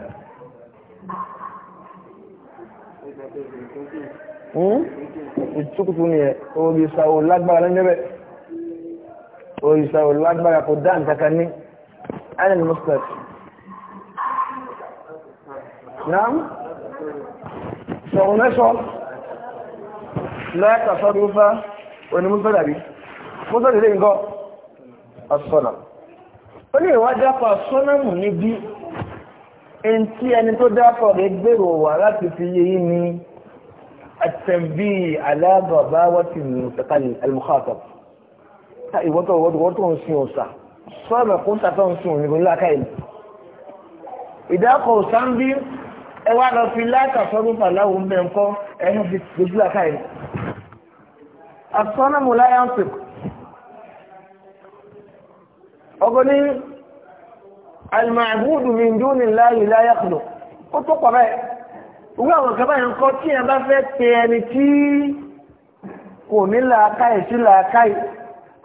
Hmm? ìtukùtù ni ẹ̀ òrìṣà ò lágbára lẹ́gbẹ̀ẹ́ òrìṣà ò lágbára kò dá nǹkankan ní allen mustard náà sọ̀rọ̀ mẹ́sọ̀ lẹ́ẹ̀kà sọ́dún fá onímúsọ̀dà bí mọ́sọ̀dà lè nǹkan ọ̀sọ̀nà ó ní ìwá dápọ̀ sọ́nàmù níbi ẹni tí ẹni tó dápọ̀ rẹ̀ gbèrò wà láti fi yé yí ni التنبيه على غباوة المتقل المخاطب هاي وطو وطو وطو سيوسا صار كنت أتون سيون يقول لا كاين إذا قو سامبي أولا في لا تصرف له منكم أنا في يقول لا كاين الصنم لا ينطق أقول المعبود من دون الله لا يخلق قلت قبائل irú àwọn kan báyìí ń kọ́ tí èèyàn bá fẹ́ pe ẹni tí kò ní làákàyè sí làákàyè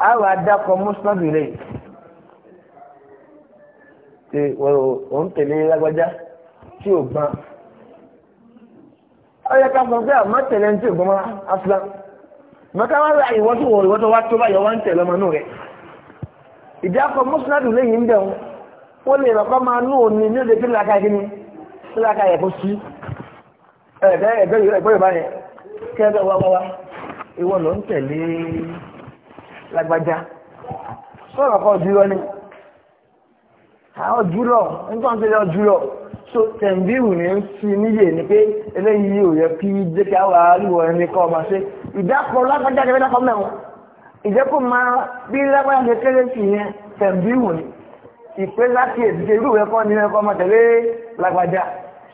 àwọn adakọ̀ mùsùlùmí rẹ̀ ṣe òun tẹ̀lé lágbájá tí ò gbọ́n ó yẹ ká sọ pé àmọ́ tẹ̀lé tí ò gbọ́n mọ́ afúlá mọ́ká wá wá tó báyọ̀ wá ń tẹ̀lé ọmọ náà rẹ̀ ìdákọ̀ ń lè rọ̀kọ́ máa nú òní ẹ̀ẹ́dẹ́ ẹ̀gbẹ́ yìí ẹ̀gbẹ́ yìí báyẹn kí ẹ̀gbẹ́ wá wá wá ìwọ ló ń tẹ̀lé lágbájá sọ̀rọ̀ kọ́ jùlọ ni àwọn jùlọ nígbà tó yọ jùlọ so tẹ̀m̀bíù ni, ń fi níyè ni pé eléyìí ò yẹ kí jẹ́ kí àwọn àríwọ̀ ẹni kọ́ ọmọ ṣe ìdákọ̀ lágbájá ni mẹ́ta kọ́ mẹ́wọ̀n ìjẹ́kù máa bí lágbájá ṣe kéré sí yẹn tẹ̀m̀bíù ni ìpè láti èdè irú ẹ̀kọ́ ni ẹ̀kọ́ ọmọ tẹ̀lé lágbájá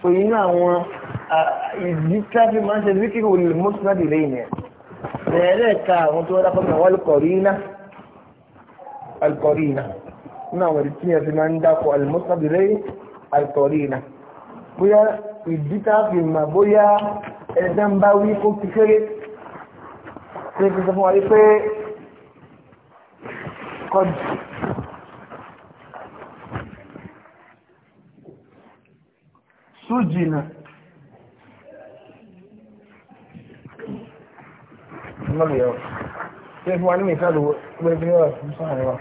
òyìn náà wọn ìdíkàfí máa ń ṣe zikiri olùmọ́sílẹ́dì lẹ́yìn ẹ̀ bẹ̀rẹ̀ ka àwọn tó wọ́n dákọ́ àwọn alukọ̀rìnà alukọ̀rìnà nínú àwọn ìdí tí yẹn fi máa ń dákọ̀ alùmọ́sílẹ́dì lẹ́yìn alukọ̀rìnà bóyá ìdíkàfí máa bóyá ẹ̀dá ń bá wí kó ti kéré ṣe fi sọ fún wa rí pé kọjú sújìnà mọ́lù yẹn o fún wa ní mìíràn lówó gbé ní ọ̀sán àríwá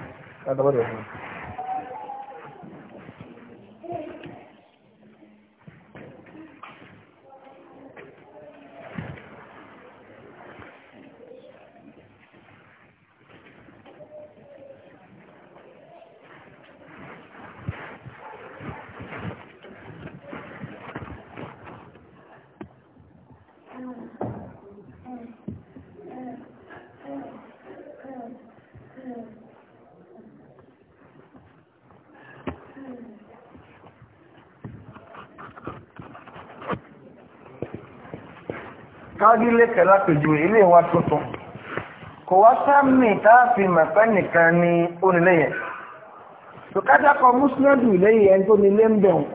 látọwọ́dọ̀ fún mi. rí lẹ́kẹ̀ lápèjúwe ilé wa tuntun kò wá sáàmì táàfin màpẹ́ nìkan ni ó nílé yẹn tòkájákọ mùsùlùmí lẹ́yìn ẹni tó nílé ń bẹ̀rù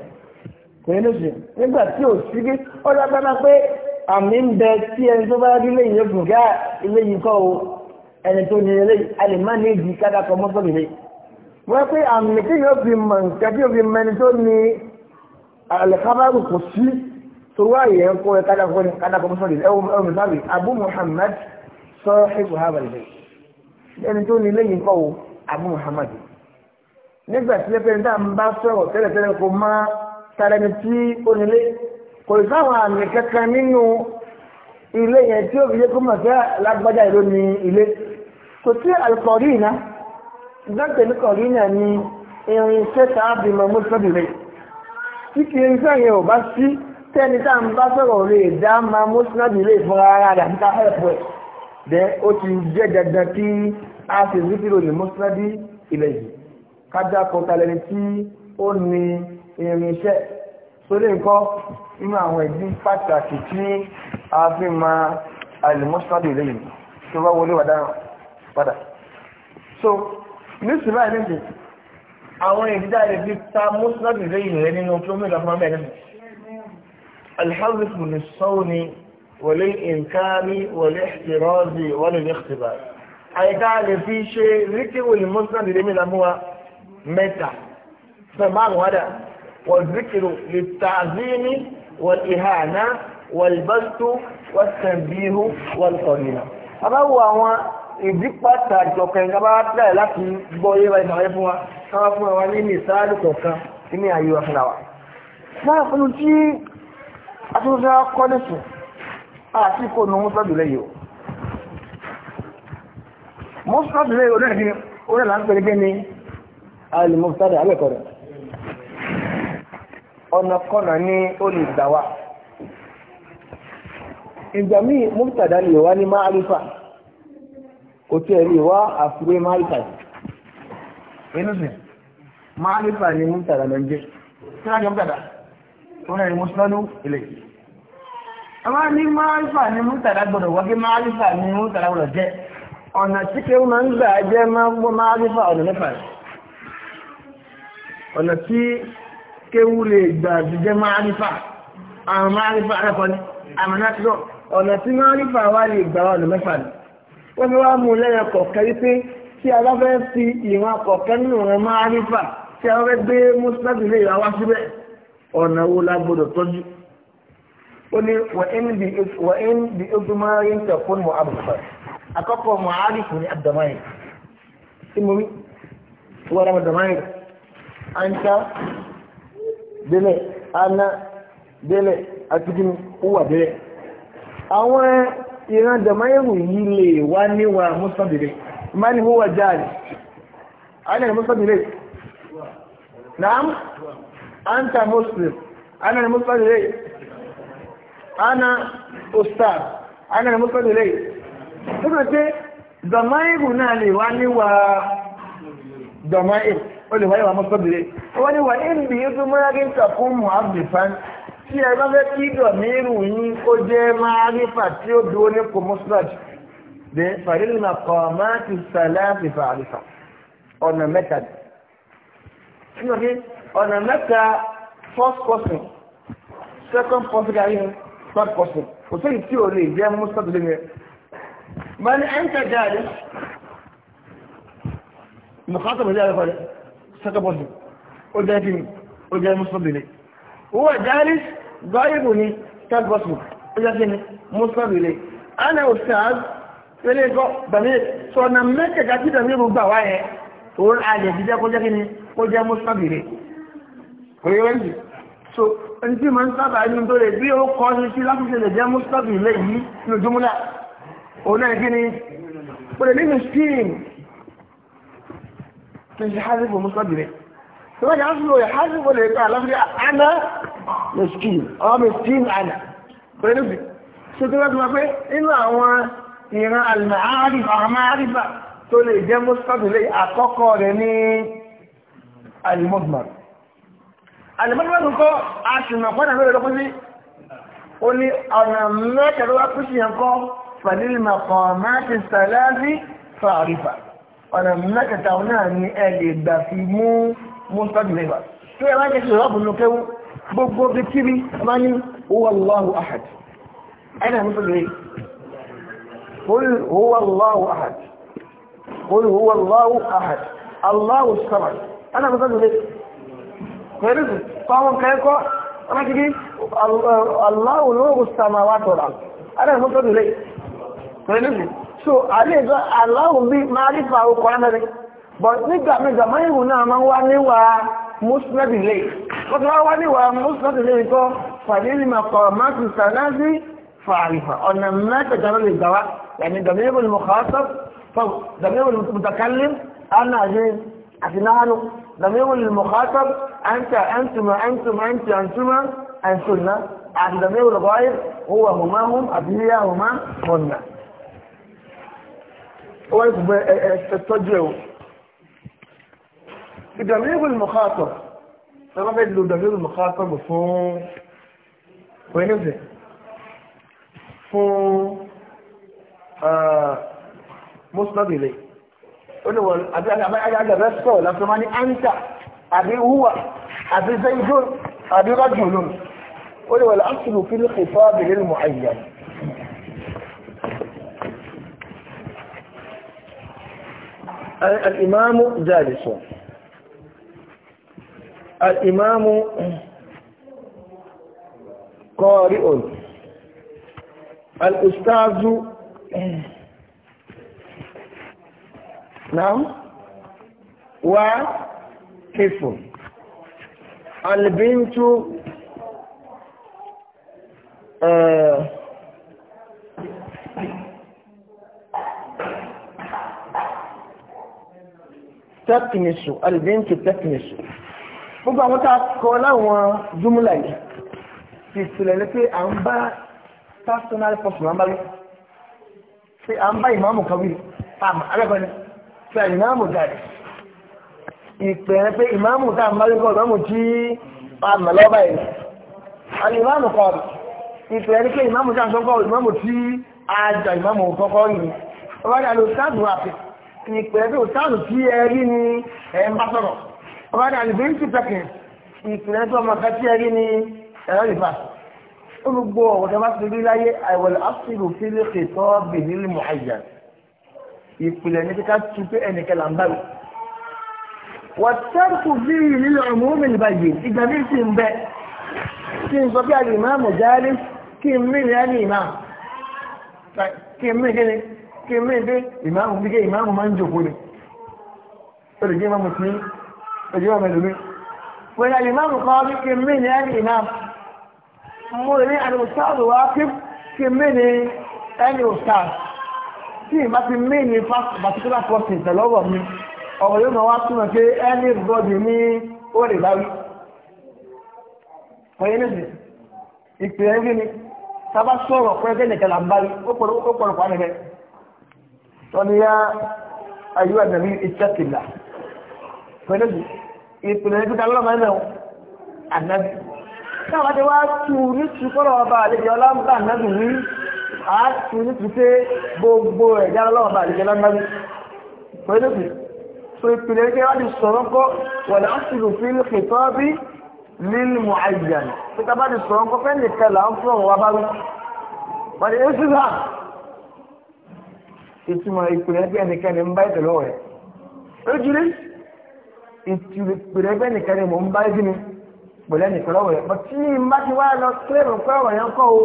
kò yẹ lóṣù nígbà tí ò sí bí ó dágbára pé àmì ń bẹ tí ẹni tó bá rí lẹ́yìn yóò gá ilé yìí kọ́ o ẹni tó nílé lẹ́yìn a lè má ní ìdí kájákọ mùsùlùmí lẹ́yìn wọ́n pé àmì tí yóò fi mọ̀ nǹkan tí yóò fi mọ ẹni tó ní àlẹ́kábàrù kò sí turwaye ya koya kada kuma kada kuma sori ewu misali abu muhammad sahibu habal bayt ẹni tó ní lẹ́yìn kọ́ abu muhammad nígbà tí lẹ́pẹ́ ní dáhùn bá sọ̀rọ̀ tẹ́lẹ̀tẹ́lẹ̀ kò má tàrẹni tí ó nílé kò sáwọn àmì kankan nínú ilé yẹn tí ó fi yé kó mọ̀ sí alágbájá ìlú ní ilé kò sí alukọ̀rí iná dọ́kítà ní kọ̀rí iná ní irin tààbì mọ̀ mọ́tò bìrẹ̀ tí yẹn ò bá sí tẹ́ni tá à ń bá sọ̀rọ̀ lè dá máa mọ́sánàdì lè fún ara rẹ̀ níta ẹ̀pọ̀ ẹ̀ dẹ́ ó ti jẹ́ dandan kí a sì rí kí lónìí mọ́sánàdì ilẹ̀ yìí kájá kan talẹ̀ ni tí ó ní irinṣẹ́ sórí nǹkan nínú àwọn ìdí pàtàkì tí a fi máa àlùmọ́sánàdì ilẹ̀ yìí tó bá wọlé wàdá padà. so ní sùlá ẹ̀ nísìn àwọn ìdíjà ìdí ta mọ́sánàdì ilẹ̀ yìí rẹ̀ nínú kí ó mú ìlànà mẹ́rin الحذف من الصون وللإنكار والاحتراز وللاختبار àìkáàlẹ̀ fi ṣe ríkíwò ìmọ́sán lè mìíràn múwa mẹ́ta sọmárùn-ún والذكر للتعظيم والإهانة والبسط والتنبيه والقرينة àbáwọ̀ àwọn ìdí pàtàkì ọ̀kan ìjọba dáẹ̀ láti gbọ́ yé wa ìsàwẹ́ fún wa káwà fún wa ní ìsáàlù kọ̀ọ̀kan ní àyíwá fúnra wa. sáà fún tí afẹ́fẹ́ kọ́lẹ̀sù àti kò nù mọ́sọ́dúnlẹ̀ yìí mọ́sọ́dúnlẹ̀ yìí orílẹ̀ gini orílẹ̀ láńpẹ̀lẹ̀ gini alìmọ́sọ́dẹ̀ alẹ́kọ̀ọ́rẹ̀ ọ̀nà kọ́nà ní olùdáwà ìjàmí mọ́sọ́dá lè wá ní máàrífà kò tí ẹ̀rí wá àfiwé máàrífà inú sí máàrífà ní mọ́sọ́dá lọ́njẹ́ torí ẹni mọ́sánú ilẹ̀ ọmọ ní márífà ní mútàlá gbọdọ̀ wọ́gí márífà ní mútàlá gbọdọ̀ jẹ́ ọ̀nà tí kí wọ́n ń gbà jẹ́ márífà ọ̀nà mẹ́fà ọ̀nà tí kéwú lè gbà jẹ́ márífà àwọn márífà rẹ̀kọ́ ní àmàlátọ́ ọ̀nà tí márífà wá lè gbà ọ̀nà mẹ́fà ní wọ́n fi wá mú lẹ́yìn kọ̀ọ̀kan wípé tí fẹ́ gbé mọ́sánú ilé ìwà síbẹ̀ ọ̀nà wo la gbọ́dọ̀ tọ́jú ó ní wọ́n bí ọdúnmáyé ń tẹ̀kún mọ́ àbùkọ́ àkọ́kọ́ mọ́ àríkù ní àdàmáyé tí mo rí wọ́n rà àdàmáyé an ta délẹ̀ ana délẹ̀ àti kí ni ó wà délẹ̀ àwọn ìran àdàmáyé wò yí lè wá níwà mọ́sàdìrẹ́ má ní wọ́n wà jáde ana mọ́sàdìrẹ́ náà anta muslim ana muslim ilay ana ustaz ana muslim ilay tó kàn pé dọ̀máìrù náà lè wá níwà dọ̀máìrù o lè wá níwà muslim ilay ó wá níwà ìbí ìdú mọ́rágín kàkún muhammad tí ẹ bá fẹ́ kí dọ̀míìrù yín ó jẹ́ máa rí fà tí ó dúró ní kò muslim de fàrílì màkọ̀ máa ti sàlá fìfà àrífà ọ̀nà ọ̀nà mẹ́ta first person second person ayé third person kò sẹ́yìn tí ò lè jẹ́ mú sọ́dọ̀lẹ́ mi. mani ẹ̀ńtà jáde nìkọ́tà mi jáde kọ́lẹ̀ second person ó jẹ́ kí ni ó jẹ́ mú sọ́dọ̀lẹ́. wúwà jáde gbáyébù ni third person ó jẹ́ kí ni mú sọ́dọ̀lẹ́. ana ustaz pẹ̀lẹ́ kọ́ bàmí sọ̀nà mẹ́tẹ̀ẹ̀ta tí bàmí gbogbo àwa yẹn òun àjẹ̀jíjẹ́ kó jẹ́ kí ni ó jẹ́ mú sọ́dọ̀lẹ́ oríwẹ́yìn so ẹni tí ma ń sábà ní tó rẹ̀ bí ó kọ́ ní sí láfíṣẹ́ lè jẹ́ mustapha ilé yìí ní ojúmúlá òun náà kí ni pẹ̀lú nínú spain kí n ṣe hásìfò mustapha rẹ̀ tí wọ́n yà ń sọ hásìfò lè gbà láfíṣẹ́ àná lè skin ìran alìmọ̀ àmà tó lè jẹ́ mustapha àkọ́kọ́ rẹ̀ ní alimọ́gbọ̀n alìmọ́lùmọ́lù kọ́ aṣùnà pọ́nà lórí lọ́kún sí ó ní ọ̀nà mẹ́tẹ̀lọ́wà kú sí ẹ̀kọ́ fàlílìmọ̀ kan máa ti sàlárí fàrífà ọ̀nà mẹ́tẹ̀ta náà ni ẹ lè meteta naa ni e gba fi mú mú sọ́dún mẹ́wàá tí ẹ máa ń kẹ́sì rọ́bù ló kéwú gbogbo bí tíbi ọmọ ní huwallahu ahad ẹni àmì tó lè qul huwallahu ahad qul huwallahu ahad Allahu samad ẹni àmì tó lè pẹ̀lú fáwọn kẹ́kọ́ rákìdí aláwò lóògùn sàmàwà tọ̀rà adẹ́rẹ̀ mọ́tò dùlé pẹ̀lú so àríẹ̀dọ́ aláwò bí máa rí fa okọ̀ rẹ̀ but nígbà mẹ́gbà mẹ́rù náà máa wá níwà muslim dùlé kọ́tọ́ wá níwà muslim dùlé nìkan fàdílì màkọ̀ máàkì sànáàzì fààrífà ọ̀nà mẹ́tẹ̀ẹ̀ta lè gbà wá yàní dàmírù mùkàtà dàmírù mùtàkálí àná àti náhánu طيب، إيه، إيه، ضمير المخاطب أنت أنتما أنتما أنت أنتما أنتن عن ضمير الغائب هو هما هم أبهي هما هن وتتجعوا ضمير المخاطب سبب له ضمير المخاطب فون وينزل فون آه مسند إليه olùwọ̀n àbí agbẹ̀rẹ̀ sọ̀rọ̀ lọ́pọ̀ máa ní áńtà àbí húwà àbí zaidun àbí rajulun olùwọ̀n asùlù fi lè fọ́ àbìlẹ̀ mọ̀ àyà al'imamu jalisu al'imamu kọri'un al'ustazu نعم وكيف البنت آه tẹ́kìnìṣù alìbíǹkì tẹ́kìnìṣù gbogbo àwọn tá a kọ láwọn júmúlà yìí ti ìsìlẹ̀ ní pé à ń bá personal person àmàlẹ́ pé à ń bá ìmáàmù kan wí àmà alẹ́kọ̀ọ́ fẹ́ ìmáàmù jáde ìpè ẹ pé ìmáàmù tá a máa ń kọ́ ìmáàmù tí a mọ̀ lọ́ba yìí àti ìmáàmù kọ́ ìpè ẹ ní pé ìmáàmù tá a sọ́kọ́ ìmáàmù tí a jà ìmáàmù kọ́kọ́ yìí ọba dàlú sáàdù àpè ìpè ẹ pé òsáàdù tí ẹ rí ni ẹ ń bá sọ̀rọ̀ ọba dàlú bí ń ti pẹ̀kẹ̀ ìpè pé ọmọ kan tí ẹ rí ni ẹ̀rọ ìfà ó gbogbo bá ti rí láyé àìwọ̀lẹ̀ ìpìlẹ̀ ní kíká tún pé ẹnìkẹ́ là ń bá rẹ̀ wọ́n tẹ́kù bí ìlú ọmọ omi ìbàyè ìgbà mí sì ń bẹ kí n sọ bí àlè máa mọ̀ jáde kí n mí rẹ̀ ní ìmá kí n mí kéde kí n mí dé ìmáàmù bí ké ìmáàmù máa ń jòkó ni ó lè jẹ́ ìmáàmù sí ojú ọmọ ẹlòmí wọ́n àlè máàmù kọ́ bí kí n mí rẹ̀ ní ìmáàmù mo rí àlè òṣàlù wá kí n mí ní ẹni òṣàlù tí ìbá ti mí ní particular person tẹ̀lọ́wọ̀ mi ọ̀rọ̀ yóò máa wá túnmọ̀ pé anybody ní ó lè bá wí. ọ̀yẹ́ nìsí ìpè ẹ́ rí ni sábà sọ̀rọ̀ pé ẹgbẹ́ nìkan là ń bá wí ó pọ̀lọ̀ pa nìkan. tọ́ni ya ayé wa nàbí iṣẹ́ kìlà ọ̀yẹ́ nìsí ìpè ẹ́ kíkà lọ́mọ ẹ̀ náà ànábì. táwọn àti wá tu ní sukọ́rọ̀ ọba àlejò ọlá ń bá ànábì wí a ti ní ti pé gbogbo ẹ̀dá ọlọ́run bá àdìjẹ́ lágbàrí pẹ̀lú so ìpìlẹ̀ ẹgbẹ́ wá ní sọ̀rọ̀ kọ́ wọ̀n láṣìlò fi ń fi tọ́ bí lílù mọ̀ àìyàn tó tá bá ní sọ̀rọ̀ kọ́ fẹ́ nìkan là ń fún ọ̀rọ̀ wa bá pẹ̀lú ẹnìkan lọ́wọ́ yẹn tí n bá ti wá lọ kílẹ̀mù pé ọ̀rọ̀ yẹn kọ́ o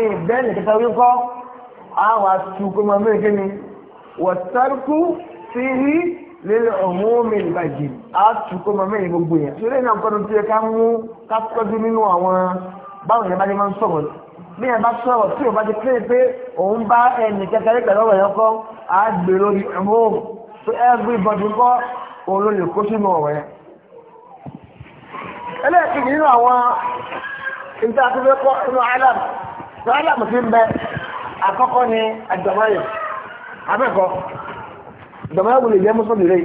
ìbẹ́ nìkẹta orí kọ́ àwọn aṣù kó máa mẹ́rin kíni wọ̀tárùkù sí rí lílẹ̀ ọ̀hún mi ìbàjì aṣù kó máa mẹ́rin gbogbo yẹn ṣe lẹ́yìn àkọ́dún tí ó ká mú kápẹ́jú nínú àwọn báwọn yẹn bá ti máa ń sọ̀rọ̀ bí yẹn bá sọ̀rọ̀ tí ò bá ti kílẹ̀ pé òun bá ẹnì kẹkẹrẹ pẹ̀lú ọ̀rọ̀ yẹn kọ́ á gbèrò ọ̀hún so everybody kọ́ òun ló lè kó sínú ọ̀rọ̀ yẹn ẹlẹ́ẹ̀kejì nínú àwọn ìtàkùnfẹ́kọ́ inú alam ní alam fi ń bẹ àkọ́kọ́ ni àjọmọ́yọ̀ abẹ́kọ́ ìjọmọ́yọ̀ wùlẹ̀ jẹ́ mùsùlùmí rẹ̀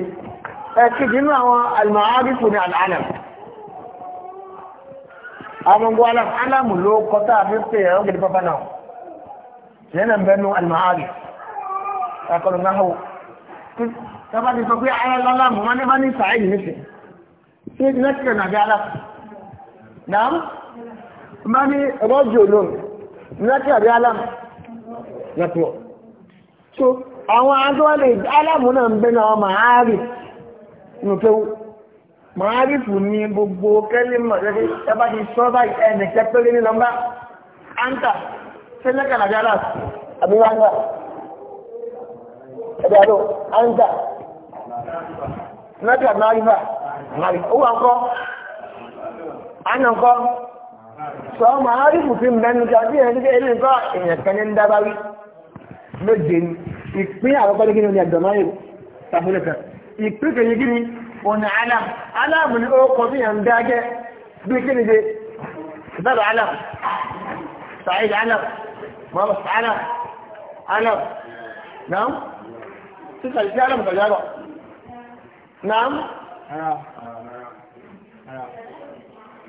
ẹ̀kejì nínú àwọn alìmọ̀hárífù ní alam àwọn gbogbo alam alam ló kọta àfihàn ẹ̀rọ gẹ̀dẹ̀ pápá náà yẹn ń bẹnu alìmọ̀hárí ẹ̀kọ́ lọ́nà hó tọ́ba Nàám, bá ní rọ́jò lòm, nọ́tí àbí alám, nọ́tíwọ̀. So, àwọn agbọ́lẹ̀ alámù náà ń bẹ́ náà màárì nùtẹ́wó. Màárì fù ní gbogbo kẹ́límọ̀ lẹ́fẹ́ ẹbá ti sọ báyìí ẹnì kẹ́pẹ́lẹ́ ní lọ́mbà. Áńtà, sẹ́lẹ̀kà àbí alám, àbí wáńgà. Ẹ̀dẹ̀ àdó, áńtà, nọ́tí àbí márífà, márífà. Ó wà ń kọ́ ànàkọ́ sọ máa rí fùfin mẹ́nu tí a ti yẹn nígbà ilé nǹkan èèyàn kan ní ń dábá rí méje ni ìpín àkọ́kọ́ ní kíni ní ẹ̀dọ̀mọ́ yìí tàbílẹ̀ kan ìpín kejì kíni òní alam alam ni ó kọ fíyàn dájẹ́ bí kíni ṣe bẹ́ẹ̀ alam sàìd alam mọ́mọ́ alam alam náà sísà ìṣẹ́ alam kọjá bọ̀ náà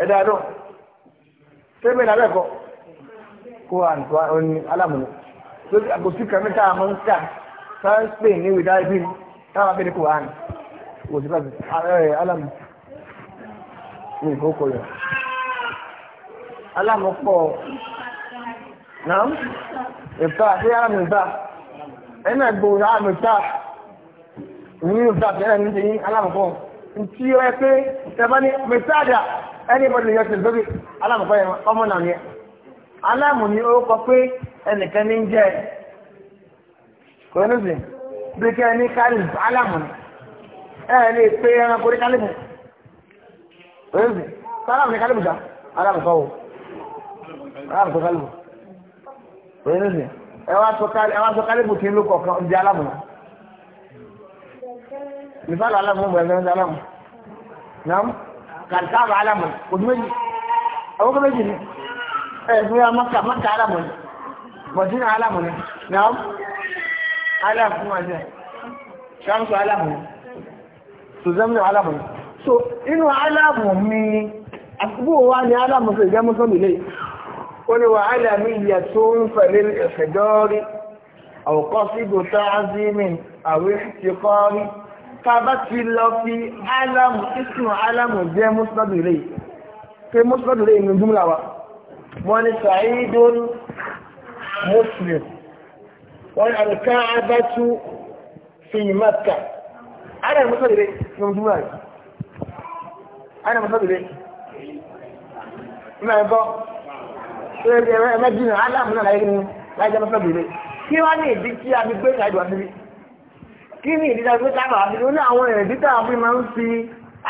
ẹ̀dá náà sẹ́mi ìlànà ẹ̀kọ́ kó àǹtọ́ ọ̀nì alámùnú lórí àgòsí kan mẹ́ta àmọ́ ń kà sáà spain ní wìdá ibi táwọn abẹ́ni kò hàn kò sí pàṣẹ ẹ̀ alámù ní ìkókò yẹn alámù pọ̀ náà ìfà sí alámù ìfà ẹ̀ náà gbòòrò alámù ìfà ìwúrí ìfà tẹ́lẹ̀ ní ti alámù pọ̀. ntí ọ yẹ pé tẹ̀bá ní mẹ́tàdà ẹni bọ́dọ̀ lè yọ sí lórí alámọ̀kọ́ yẹn ọmọ náà yẹ alámù ni ó kọ pé ẹnìkan ní ń jẹ kò ní sìn bí kẹ́ ẹni kálíf alámù ni ẹ ẹ lè pe ẹranko ní kálífù kò ní sìn sálámù ní kálífù dá alámùkọ́ wò alámùkọ́ kálífù kò ní sìn ẹ wá sọ kálífù kí ló kọ̀ọ̀kan ń di alámù náà misali alamu mu ẹgbẹ́ ẹgbẹ́ alamu nam kàtàbà alamu ọdún méjì àwọn kan méjì ni ẹgbẹ́ ya maka maka alamu ni bọ̀dínà alamu ni nam alamu fún ọjọ́ ṣáàmùsù alamu ni sùzẹ́mù alamu ni so inú alamu mi àkúgbò wa ni alamu fún ìjẹ́mú sọ́mì lè ó ní wa alamu ìyà tó ń fẹ̀lẹ́ ìfẹ̀dọ́rí àwòkọ́ sí gòtá azimi àwẹ́ ti kọ́rí tàbá ti lọ fi alamu ismu alamu jẹ́ mọ́sílọ́dù ilé pé mọ́sílọ́dù ilé inú jùmlà wa wọ́n ni sa'idun muslim wọ́n ni alka'abatu fi makka ana mọ́sílọ́dù ilé inú jùmlà rẹ̀ ana mọ́sílọ́dù ilé ina ẹ̀bọ́ ẹ̀mẹ́jìnà alamu náà láyé ní láyé mọ́sílọ́dù ilé kí wọ́n ní ìdí tí a fi gbé ìrìnàjò àti kí ni ìdíjà pé tábà àbílẹ̀ ó ní àwọn ẹ̀rí tá a fi máa ń fi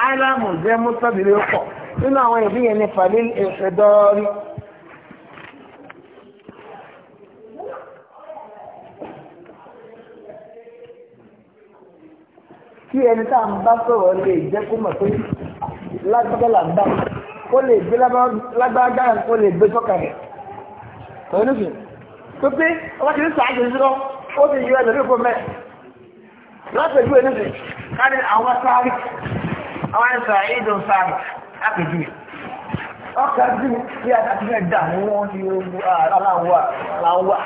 áìlámù jẹ́ mọ́tàbílẹ̀ pọ̀ nínú àwọn ẹ̀rí yẹn ní fàlẹ́ ìfẹ́dọ́rí kí ẹni tá à ń bá sọ̀rọ̀ lè jẹ́ kó mọ̀ pé lágbára gbà kó lè gbé lágbára gbà kó lè gbé sọ́kà rẹ̀ kọ́ inú fi tó pé ọba ti ń sàájú sí lọ ó ti yọ ẹlòmíì kó mẹ́rin lọ́pẹ̀jú ẹnìyàn kárí àwọn sáré àwọn ẹ̀sà ìdùn sáré ápẹjú ọkà sí bí àtàkùnrin ẹ̀dà ni wọ́n ti ogun aláwọ̀ aláwọ̀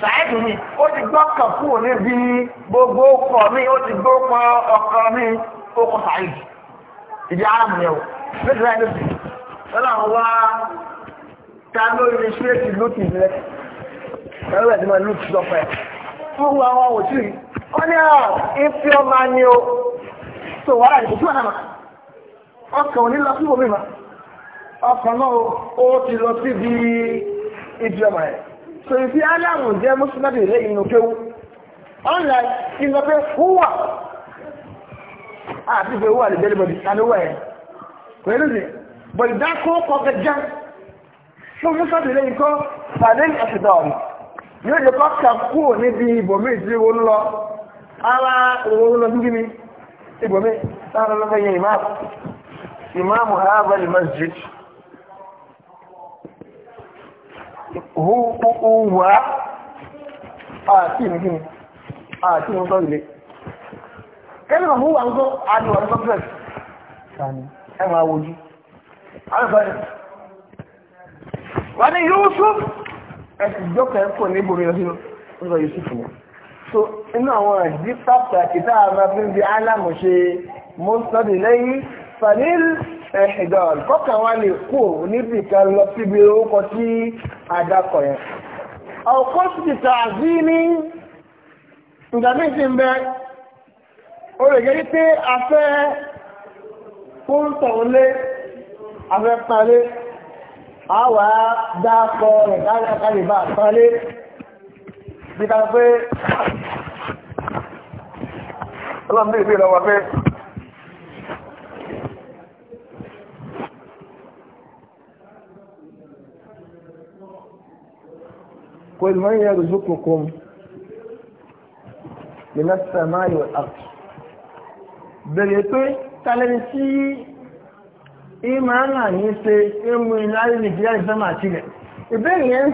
sàẹ́dù mi ó ti gbọ́kàn kúrò níbi gbogbo ọkọ̀ mi ó ti gbọ́kọ̀ ọkọ̀ mi ó kọ sàẹ́dù ìdí aráàmù yẹn o méjì láì lóṣù lọ́làwọ̀ wá ta lórí iṣẹ́ ti lóṣù rẹ̀ ẹ̀rọ ẹ̀ ti máa lóṣù lọ́pẹ́ fún wa wá wò sí wọ́n ní ọ̀ ah, ife ọmọ ni o tó wàhálà ní ojú àná ọkàn òní lọ sí omi mà ọkàn náà ó ti lọ síbi ìdí ọmọ yẹn tó ìfi aláàmù jẹ́ mùsùlùmí ilé inú kéwú ọ̀nà ìlọpẹ́ fúwà àti ìfẹ́ wà lè bẹ́lẹ̀ bọ̀dì sanúwà yẹn pẹ̀lú rẹ̀ bọ̀dì dákó kọ̀ọ̀kẹ́ já fún mùsùlùmí ilé ikọ́ pàdé ìṣẹ̀dọ̀ yóò lè kọ́ kà kúrò níbi ibòmí ìdíwó ńlọ imam òun lọ sí gíní ìgbòmí sára lọ́gbẹ́ yẹn ìmáàmù ìmáàmù harvard masjid huwa àti ìmìkíni àti ìmúntọ́ ilé kẹ́lẹ̀mọ̀ huwa ń kọ́ àdìwà ní complex ẹ̀mà àwòjú alẹ́fẹ́rẹ́ wọ́n ni Yusuf ẹ̀sìn jọ́kẹ̀ẹ́ pọ̀ ní so inú àwọn ìdí pàtàkì tá a máa fi ń di álàmù ṣe mọ́sọ́dì lẹ́yìn fanil ẹ̀hìndọ̀n kọ́kàn wa lè kú níbi kan lọ síbi orúkọ sí àdàkọ̀ yẹn ọ̀kọ́ sì tààzí ní ìgbàmí sí ń bẹ ó lè jẹ́ pé a fẹ́ fóńtọ̀ lé a fẹ́ palé a wà á dákọ̀ rẹ̀ lára kálíbà palé gbígbà pé ọlọ́mdé ìbí lọ wà pé kò ìlú mọ́rin yẹn rùzú kòkòm lè sàmáà yóò àpù bẹ̀rẹ̀ pé tàlẹ́ni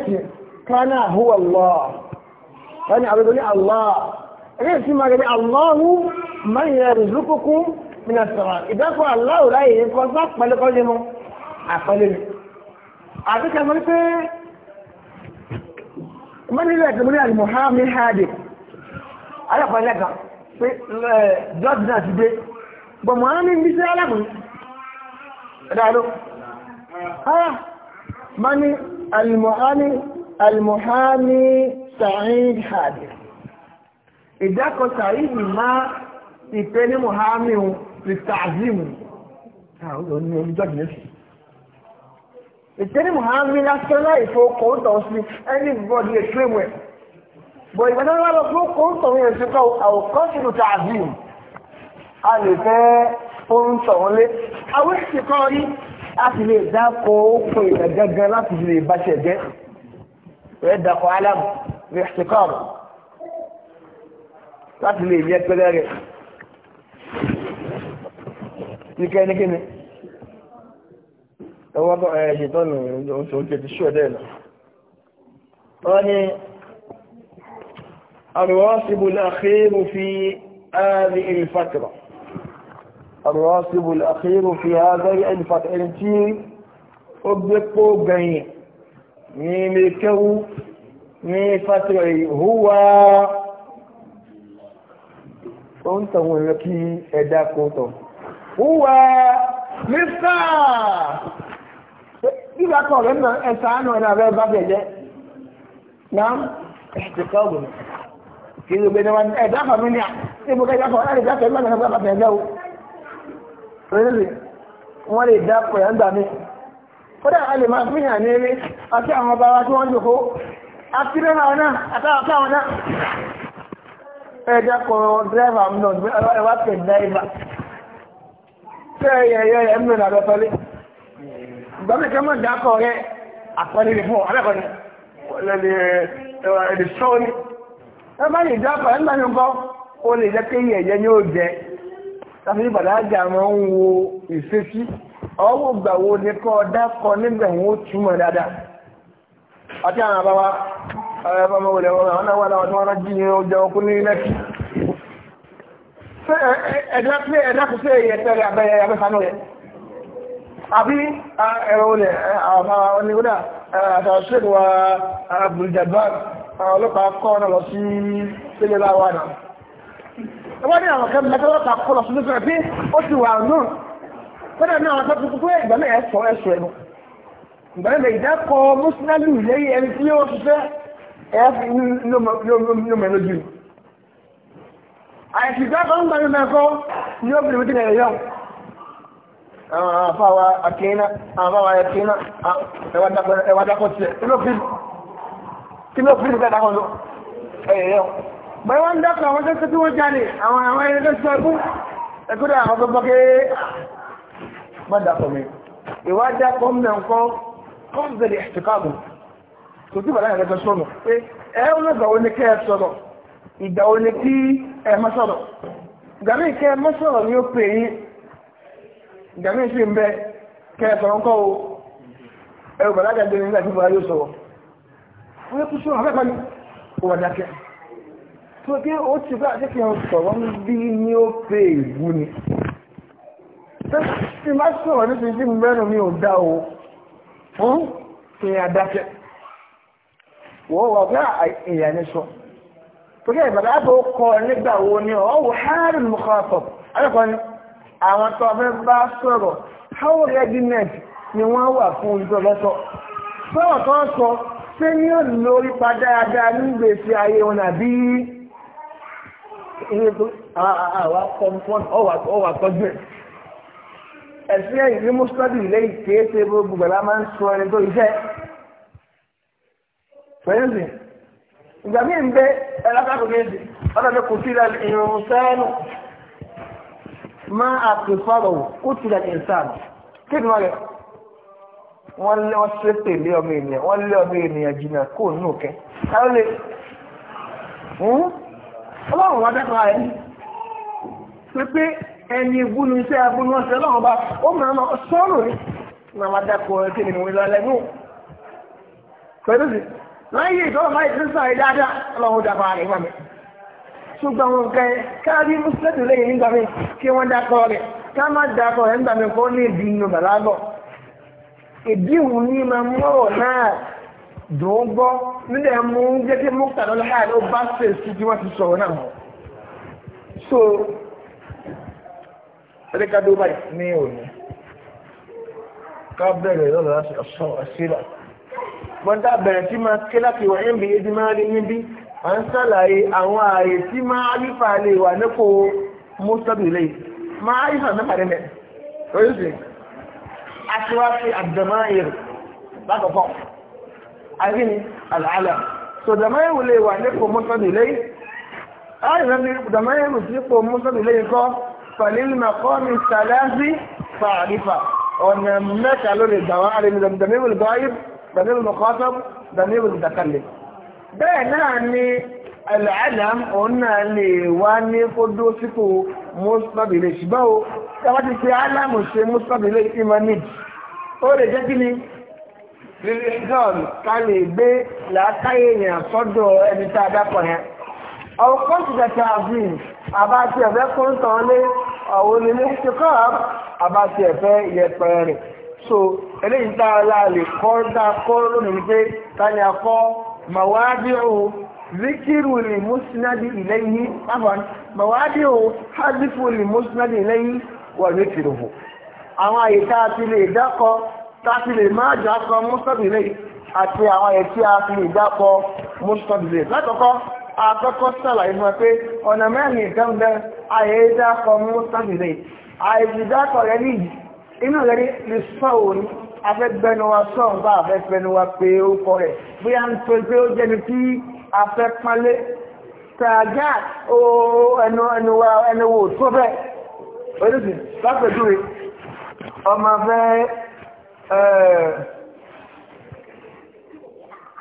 tí Allah wọ́n ni àbúrò Allah ẹgbẹ́ sí máa gẹ́gẹ́ Allahu man yarzuqukum minas samaa ìdákọ̀ Allah láyé yẹn kọ́ bá pẹ̀lẹ́kọ́ lé mọ́ àpẹẹlẹ́ mi àti kẹfẹ́ ní pé mọ́nìlẹ̀ ẹ̀kẹ́ mọ́nìlẹ̀ Muhammad hadi alápàlẹ́ kan pé george náà ti dé bọ̀ Muhammad ń bí sí alákùn ẹ̀dá ló. Mọ́nì al-Muhammad alimuhami sa'id hadi ìdákọ̀ sa'id má ìpé ní muhami ti ta'zim ah, ní olùjọ́ jìnẹ́sì ìpé ní muhami lásán láì fọ́kọ̀ ń tọ̀ sí ẹni bọ́ọ̀dì ètò ìwẹ̀ bọ̀ ìgbàdá wọn lọ fọ́kọ̀ ń tọ̀ ìwẹ̀ síkọ̀ àwòkọ́ sínú ta'zim a lè fẹ́ oorun tọ̀wọ́n dákọ̀ ó pè é láti lè bá ṣẹ̀ ويدق علم باحتقاره قتلي بيد كذلك لكي نكن وضع شيطان وجد الشهداء قال الراتب الأخير في هذه الفترة الراتب الأخير في هذه الفترة أنت يعني أبقى بعين ni mai kyau ni fasirai huwa kọ́ńtà wọn lọ kí ẹ̀dá kọ́ńtà huwa mista ìgbà kan ọ̀rẹ́ náà ẹ̀sà ánú ẹ̀dá rẹ̀ bá bẹ̀jẹ̀ náà ẹ̀sì kọ́ọ̀gùn kí ló gbé níwájú ẹ̀dá fàmílíà níbo kẹjá kan láti dákẹ́ ẹ̀dá kan bá o wọ́n lè dákọ̀ ẹ̀ ń gbà mí kódà a lè máa fi hàn ní ilé àti àwọn ọba wa tí wọ́n jòkó akílẹ̀ náà náà àtàwọn àwọn náà ẹ̀dá kan ẹwà pẹ̀ dírẹ́fà tẹ́ ẹ̀yẹ ẹ̀yẹ mìíràn àbẹ́fẹ́lẹ́ gbọ́mẹ̀kẹ́ mọ̀ dákọ̀ rẹ àpẹẹrẹ rẹ fún ni ọwọ́ gbà wo ni kọ́ dákọ nígbà wọn ó dáadáa àti àwọn àbáwá ọmọ wọlé àwọn àwọn àwọn àwọn jí ọjọ́ ọkùn ní lẹ́kì ẹ̀dákùsẹ́ ẹ̀yẹ tẹ́rẹ abẹ́yẹ abẹ́sánú rẹ̀ àbí ẹ̀rọ olè àwọn onígbódà àtàṣẹ́gbà kọ́nà náà wọ́n tọ́tù pé ìgbà náà ẹ̀sọ́ ẹ̀sọ́ ẹnu ìgbà náà ìdákọ̀ mùsùlùmí lẹ́yìn ẹni tí yóò ṣiṣẹ́ ẹ̀fì lómọlójú àìsí ìdákọ̀ ń gbàmí mẹ́kọ́ ni ó bìrì wítìlẹ̀ yọ àfáwà àkínà àfáwà àkínà ẹwà dákọ̀ tiẹ̀ kí ló fi kí ló fi nígbà dákọ̀ lọ ẹ̀yẹ bẹ́ẹ̀ wọ́n dákọ̀ àwọn tó tó tó wọ́n jáde àwọn àwọn ẹni tó sọ ẹkú ẹkú dà àwọn tó bọ́ má dàpọ̀ mi ìwà dàpọ̀ mẹ́ nǹkan ó ń bẹ̀rẹ̀ ìtìkáàbù kò tí bàdá ìrẹ́jọ sọ̀rọ̀ pé ẹ ń lọ́gbà wo ni kẹ́ ẹ sọ̀rọ̀ ìgbà wo ni kí ẹ má sọ̀rọ̀ gàmí kẹ́ ẹ má sọ̀rọ̀ ni ó pè yín gàmí sì tí má sọ̀rọ̀ ní ti jíìmù mẹ́rin mi ò dá o fún kí n adákẹ́ wọ́n wà fún èèyàn ní sọ torí ẹ̀ bàbá tó kọ nígbà wo ni ọ wò hàrùn mùkọ́tọ̀ alẹ́kọ̀ọ́ ni àwọn tó fẹ́ bá sọ̀rọ̀ how readiness ni wọ́n wà fún ìjọlọ́sọ sọ̀rọ̀ tó ń sọ ṣé ní ò lórí pa dáadáa nígbèsí ayé wọn àbí ìyẹn tó àwọn kọ̀ọ̀kan ọwà tọ́jú ẹ̀ ẹ̀sìn ẹ̀yìn ní mùsùlùmí lẹ́yìn kìí ṣe gbogbo gbàlá máa ń sọ ẹni tó iṣẹ́ fẹ́yìntì ìgbà míì ń bẹ ẹlẹ́kàkùnrin ọlọ́dẹ kò sí ìrùn sẹ́nu máa àpèfọ́rọ̀ kó ti dà ìsàmù kí ni wọ́n rẹ̀ wọ́n lé wọ́n ṣe pèlé ọmọ ènìyàn wọ́n lé ọmọ ènìyàn jìnnà kó nù kẹ́ káwọn lè ọlọ́run wọn dẹ́kun ara ẹni pé ẹni ìbúnu iṣẹ́ abúlé wọn ṣe lọ́wọ́ bá ó máa ma sọ́ọ̀rọ̀ ni máa ma dákọ̀ ẹ̀ kí ni mo lọ pẹ̀lú sí láyé ìtọ́wọ́ máa ti ọlọ́run dàpọ̀ àrẹ wà mí. ṣùgbọ́n káàdì mùsùlùmí lẹ́yìn nígbà kí wọ́n dákọ̀ rẹ̀ ká má dákọ̀ rẹ̀ nígbà kó ní ìdí inú bàlágọ̀. ìdí máa mú ṣẹ́ríkà dubai ní òní ká bẹ̀rẹ̀ lọ́nà láti ọ̀sán àṣírà bọ́dá bẹ̀rẹ̀ tí máa ké láti wà níbi èdè máa rí níbí à ń sàlàyé àwọn ààyè tí máa rífà lè wà nípò mọ́tọ́bìlẹ̀ máa rífà náà pàdé mẹ́rin lórí sí aṣíwáṣí àdàmáyèrè lákọ̀ọ́kọ́ àti ní àlàálà so dàmáyèrè lè wà nípò mọ́tọ́bìlẹ̀ fàlílmàkọ́mì sàlẹ́sì fàrífà ọ̀nà mẹ́ta ló lè dàwọn arìnrìn dàmíwìl gbáyìb dàmíwìl mọ́kọ́tọ́m dàmíwìl dàkàlẹ̀ bẹ́ẹ̀ náà ni al'adam òun náà lè wá ní kó dó sípò mọ́sùlùmí ṣùgbọ́n o tàbá ti fi alámù ṣe mọ́sùlùmí imanid ó lè jẹ́ kí ni lilisan ká lè gbé làákàyè èèyàn àbá ti ẹ̀fẹ́ kó ń lé àwọn onílé ti kọ́ àbá ti ẹ̀fẹ́ yẹpẹrẹ rẹ̀ so eléyìí tá a la lè kọ́ dá kọ́ lónìí pé ta ni a kọ́ màwádìí zikiru li musnadi ilayhi afan màwádìí hadifu li musnadi ilayhi wà zikiruhu àwọn àyè tá a ti lè dákọ tá lè má dákọ musnadi ilayhi àti àwọn àyè tí a ti lè dákọ musnadi ilayhi látọ̀kọ́ akọ́kọ́ sàlàyé fún wa pé ọ̀nà mẹ́rin nǹkan bẹ àyèédákọ̀ mú sátidé àyèédákọ̀ rẹ ní inú rẹ ní sọ́ọ̀ ní afẹ́gbẹ́nu wa sọ́ọ̀ bá afẹ́gbẹ́nu wa pé ó kọ rẹ̀ bóyá ń tó pé ó jẹ́ni tí afẹ́ pálé tàgá ẹnu ẹnu wa ẹnu wò tó bẹ́ẹ̀ oríṣi lápẹ̀júwe ọmọ fẹ́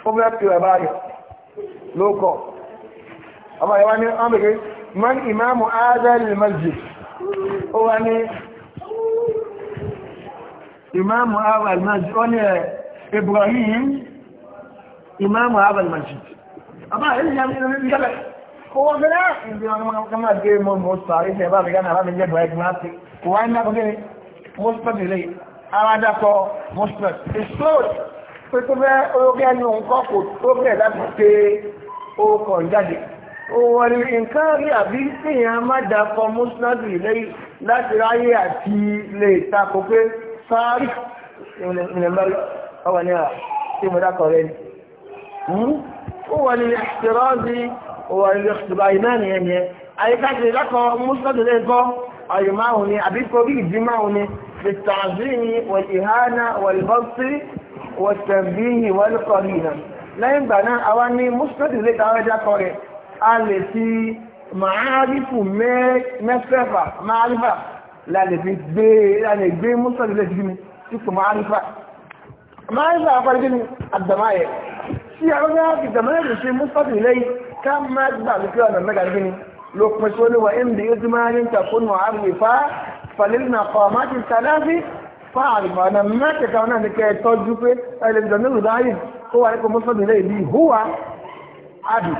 ó fẹ́ pè bàbá rẹ̀ ló kọ̀ ọmọ ìwá ní ọmọdé mọ́n ìmáàmù áádẹ́lì masjid ó wá ní ìmáàmù áádẹ́lì masjid ó ní Ibrahim ìmáàmù áádẹ́lì masjid ọba ìlú ìyá mi ní ìjọba kò wọ́n fẹ́ náà ìdí ọmọ ọmọ gbé mọ́ mọ́ sọ àríṣẹ́ bá mi gánà bá mi jẹ́ bọ̀ ẹgbẹ́ láti kò wá òwò ni nǹkan rí àbí èèyàn má dàpọ̀ mọ́sánàdì lẹ́yìn láti ráyé àti lè takò pé sáárì ìrìnlẹ́mọ́rí ọwọ́ ní àà tí mo dákọ̀ rẹ̀ ní òwò ni ṣèrọ́ọ̀dì hmm? òwò ni ti dákọ̀ mọ́sánàdì lẹ́yìn a lè fi màárífù mẹ́fẹ́fà màárífà lálẹ́ fi gbé lálẹ́ gbé mọ́sọ̀lù lè fi sípò màárífà màárífà àpàdé kí ni àdàmáyẹ tí àwọn bá fi dàmáyẹ lè ṣe mọ́sọ̀lù lẹ́yìn ká má gbà lè fi ọ̀nà mẹ́ta kí ni ló pín sí olúwa ẹ̀mdì yóò ti máa ń takùnù àrífà ọ̀nà ní kẹ́ tọ́jú pé ẹ̀lẹ́dọ̀mẹ́rù dáhìn kó wà ní kò mọ́sọ̀lù lẹ́yìn bí àdùn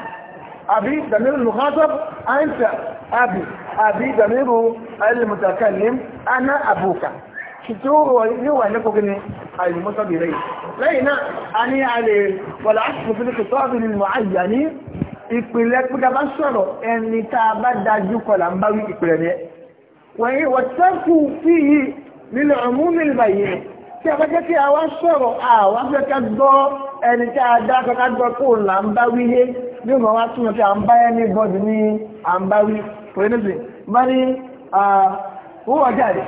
أبي ضمير المخاطب أنت أبي أبي ضمير المتكلم أنا أبوك شتوه هو أنك بني المصاب إليه لأن أني علي والعصف في الخطاب المعين ìpìlẹ̀ pídà bá sọ̀rọ̀ ẹni tàà bá dájú kọlà ń bá wí ìpìlẹ̀ rẹ̀ wọ́n yí wọ́tẹ́kù fi yí nílẹ̀ ọmú nílùú báyìí tí a bá jẹ́ kí a wá sọ̀rọ̀ àwọn afẹ́kẹ́ gbọ́ ẹni tàà dá kọ́kọ́ gbọ́ kó là ń bá wí yé ní ọmọ wá túnmọ̀ tí a ń bá ẹni bọ́dì ní à ń bá wí pẹ̀lẹ́sì bá ní wọ́wọ́ jáde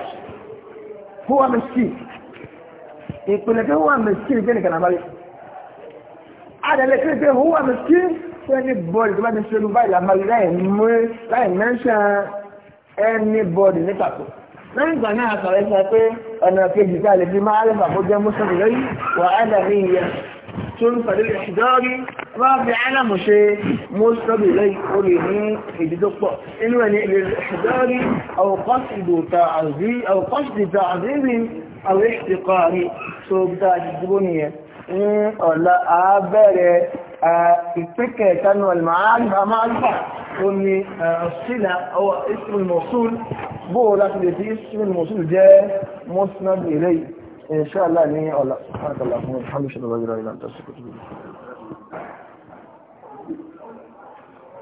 wọ́wọ́ mẹ́sì ìpìlẹ̀ pé wọ́wọ́ mẹ́sì ní kẹ́nìkan àbárí adẹ̀lẹ̀ pé pé wọ́wọ́ mẹ́sì fún ẹni bọ́dì tó bá ti ṣerú báyìí àbárí láì mẹ́ṣán ẹni bọ́dì ní pàtó lẹ́yìn ìgbà náà sọ̀rọ̀ ẹ̀ تنفى للإحضار رابعا مشي مصطب إليه قريه إجدق إنما للإحضار أو قصد تعذيب أو قصد تعذيب أو احتقار سوف تعذبني ولا أبر الفكرة كانوا المعارف معرفة قلني الصلة أو اسم الموصول بولك التي اسم الموصول جاء مصنب إليه إن شاء الله أني الله سبحانك اللهم وبحمدك أشهد أن لا إله إلا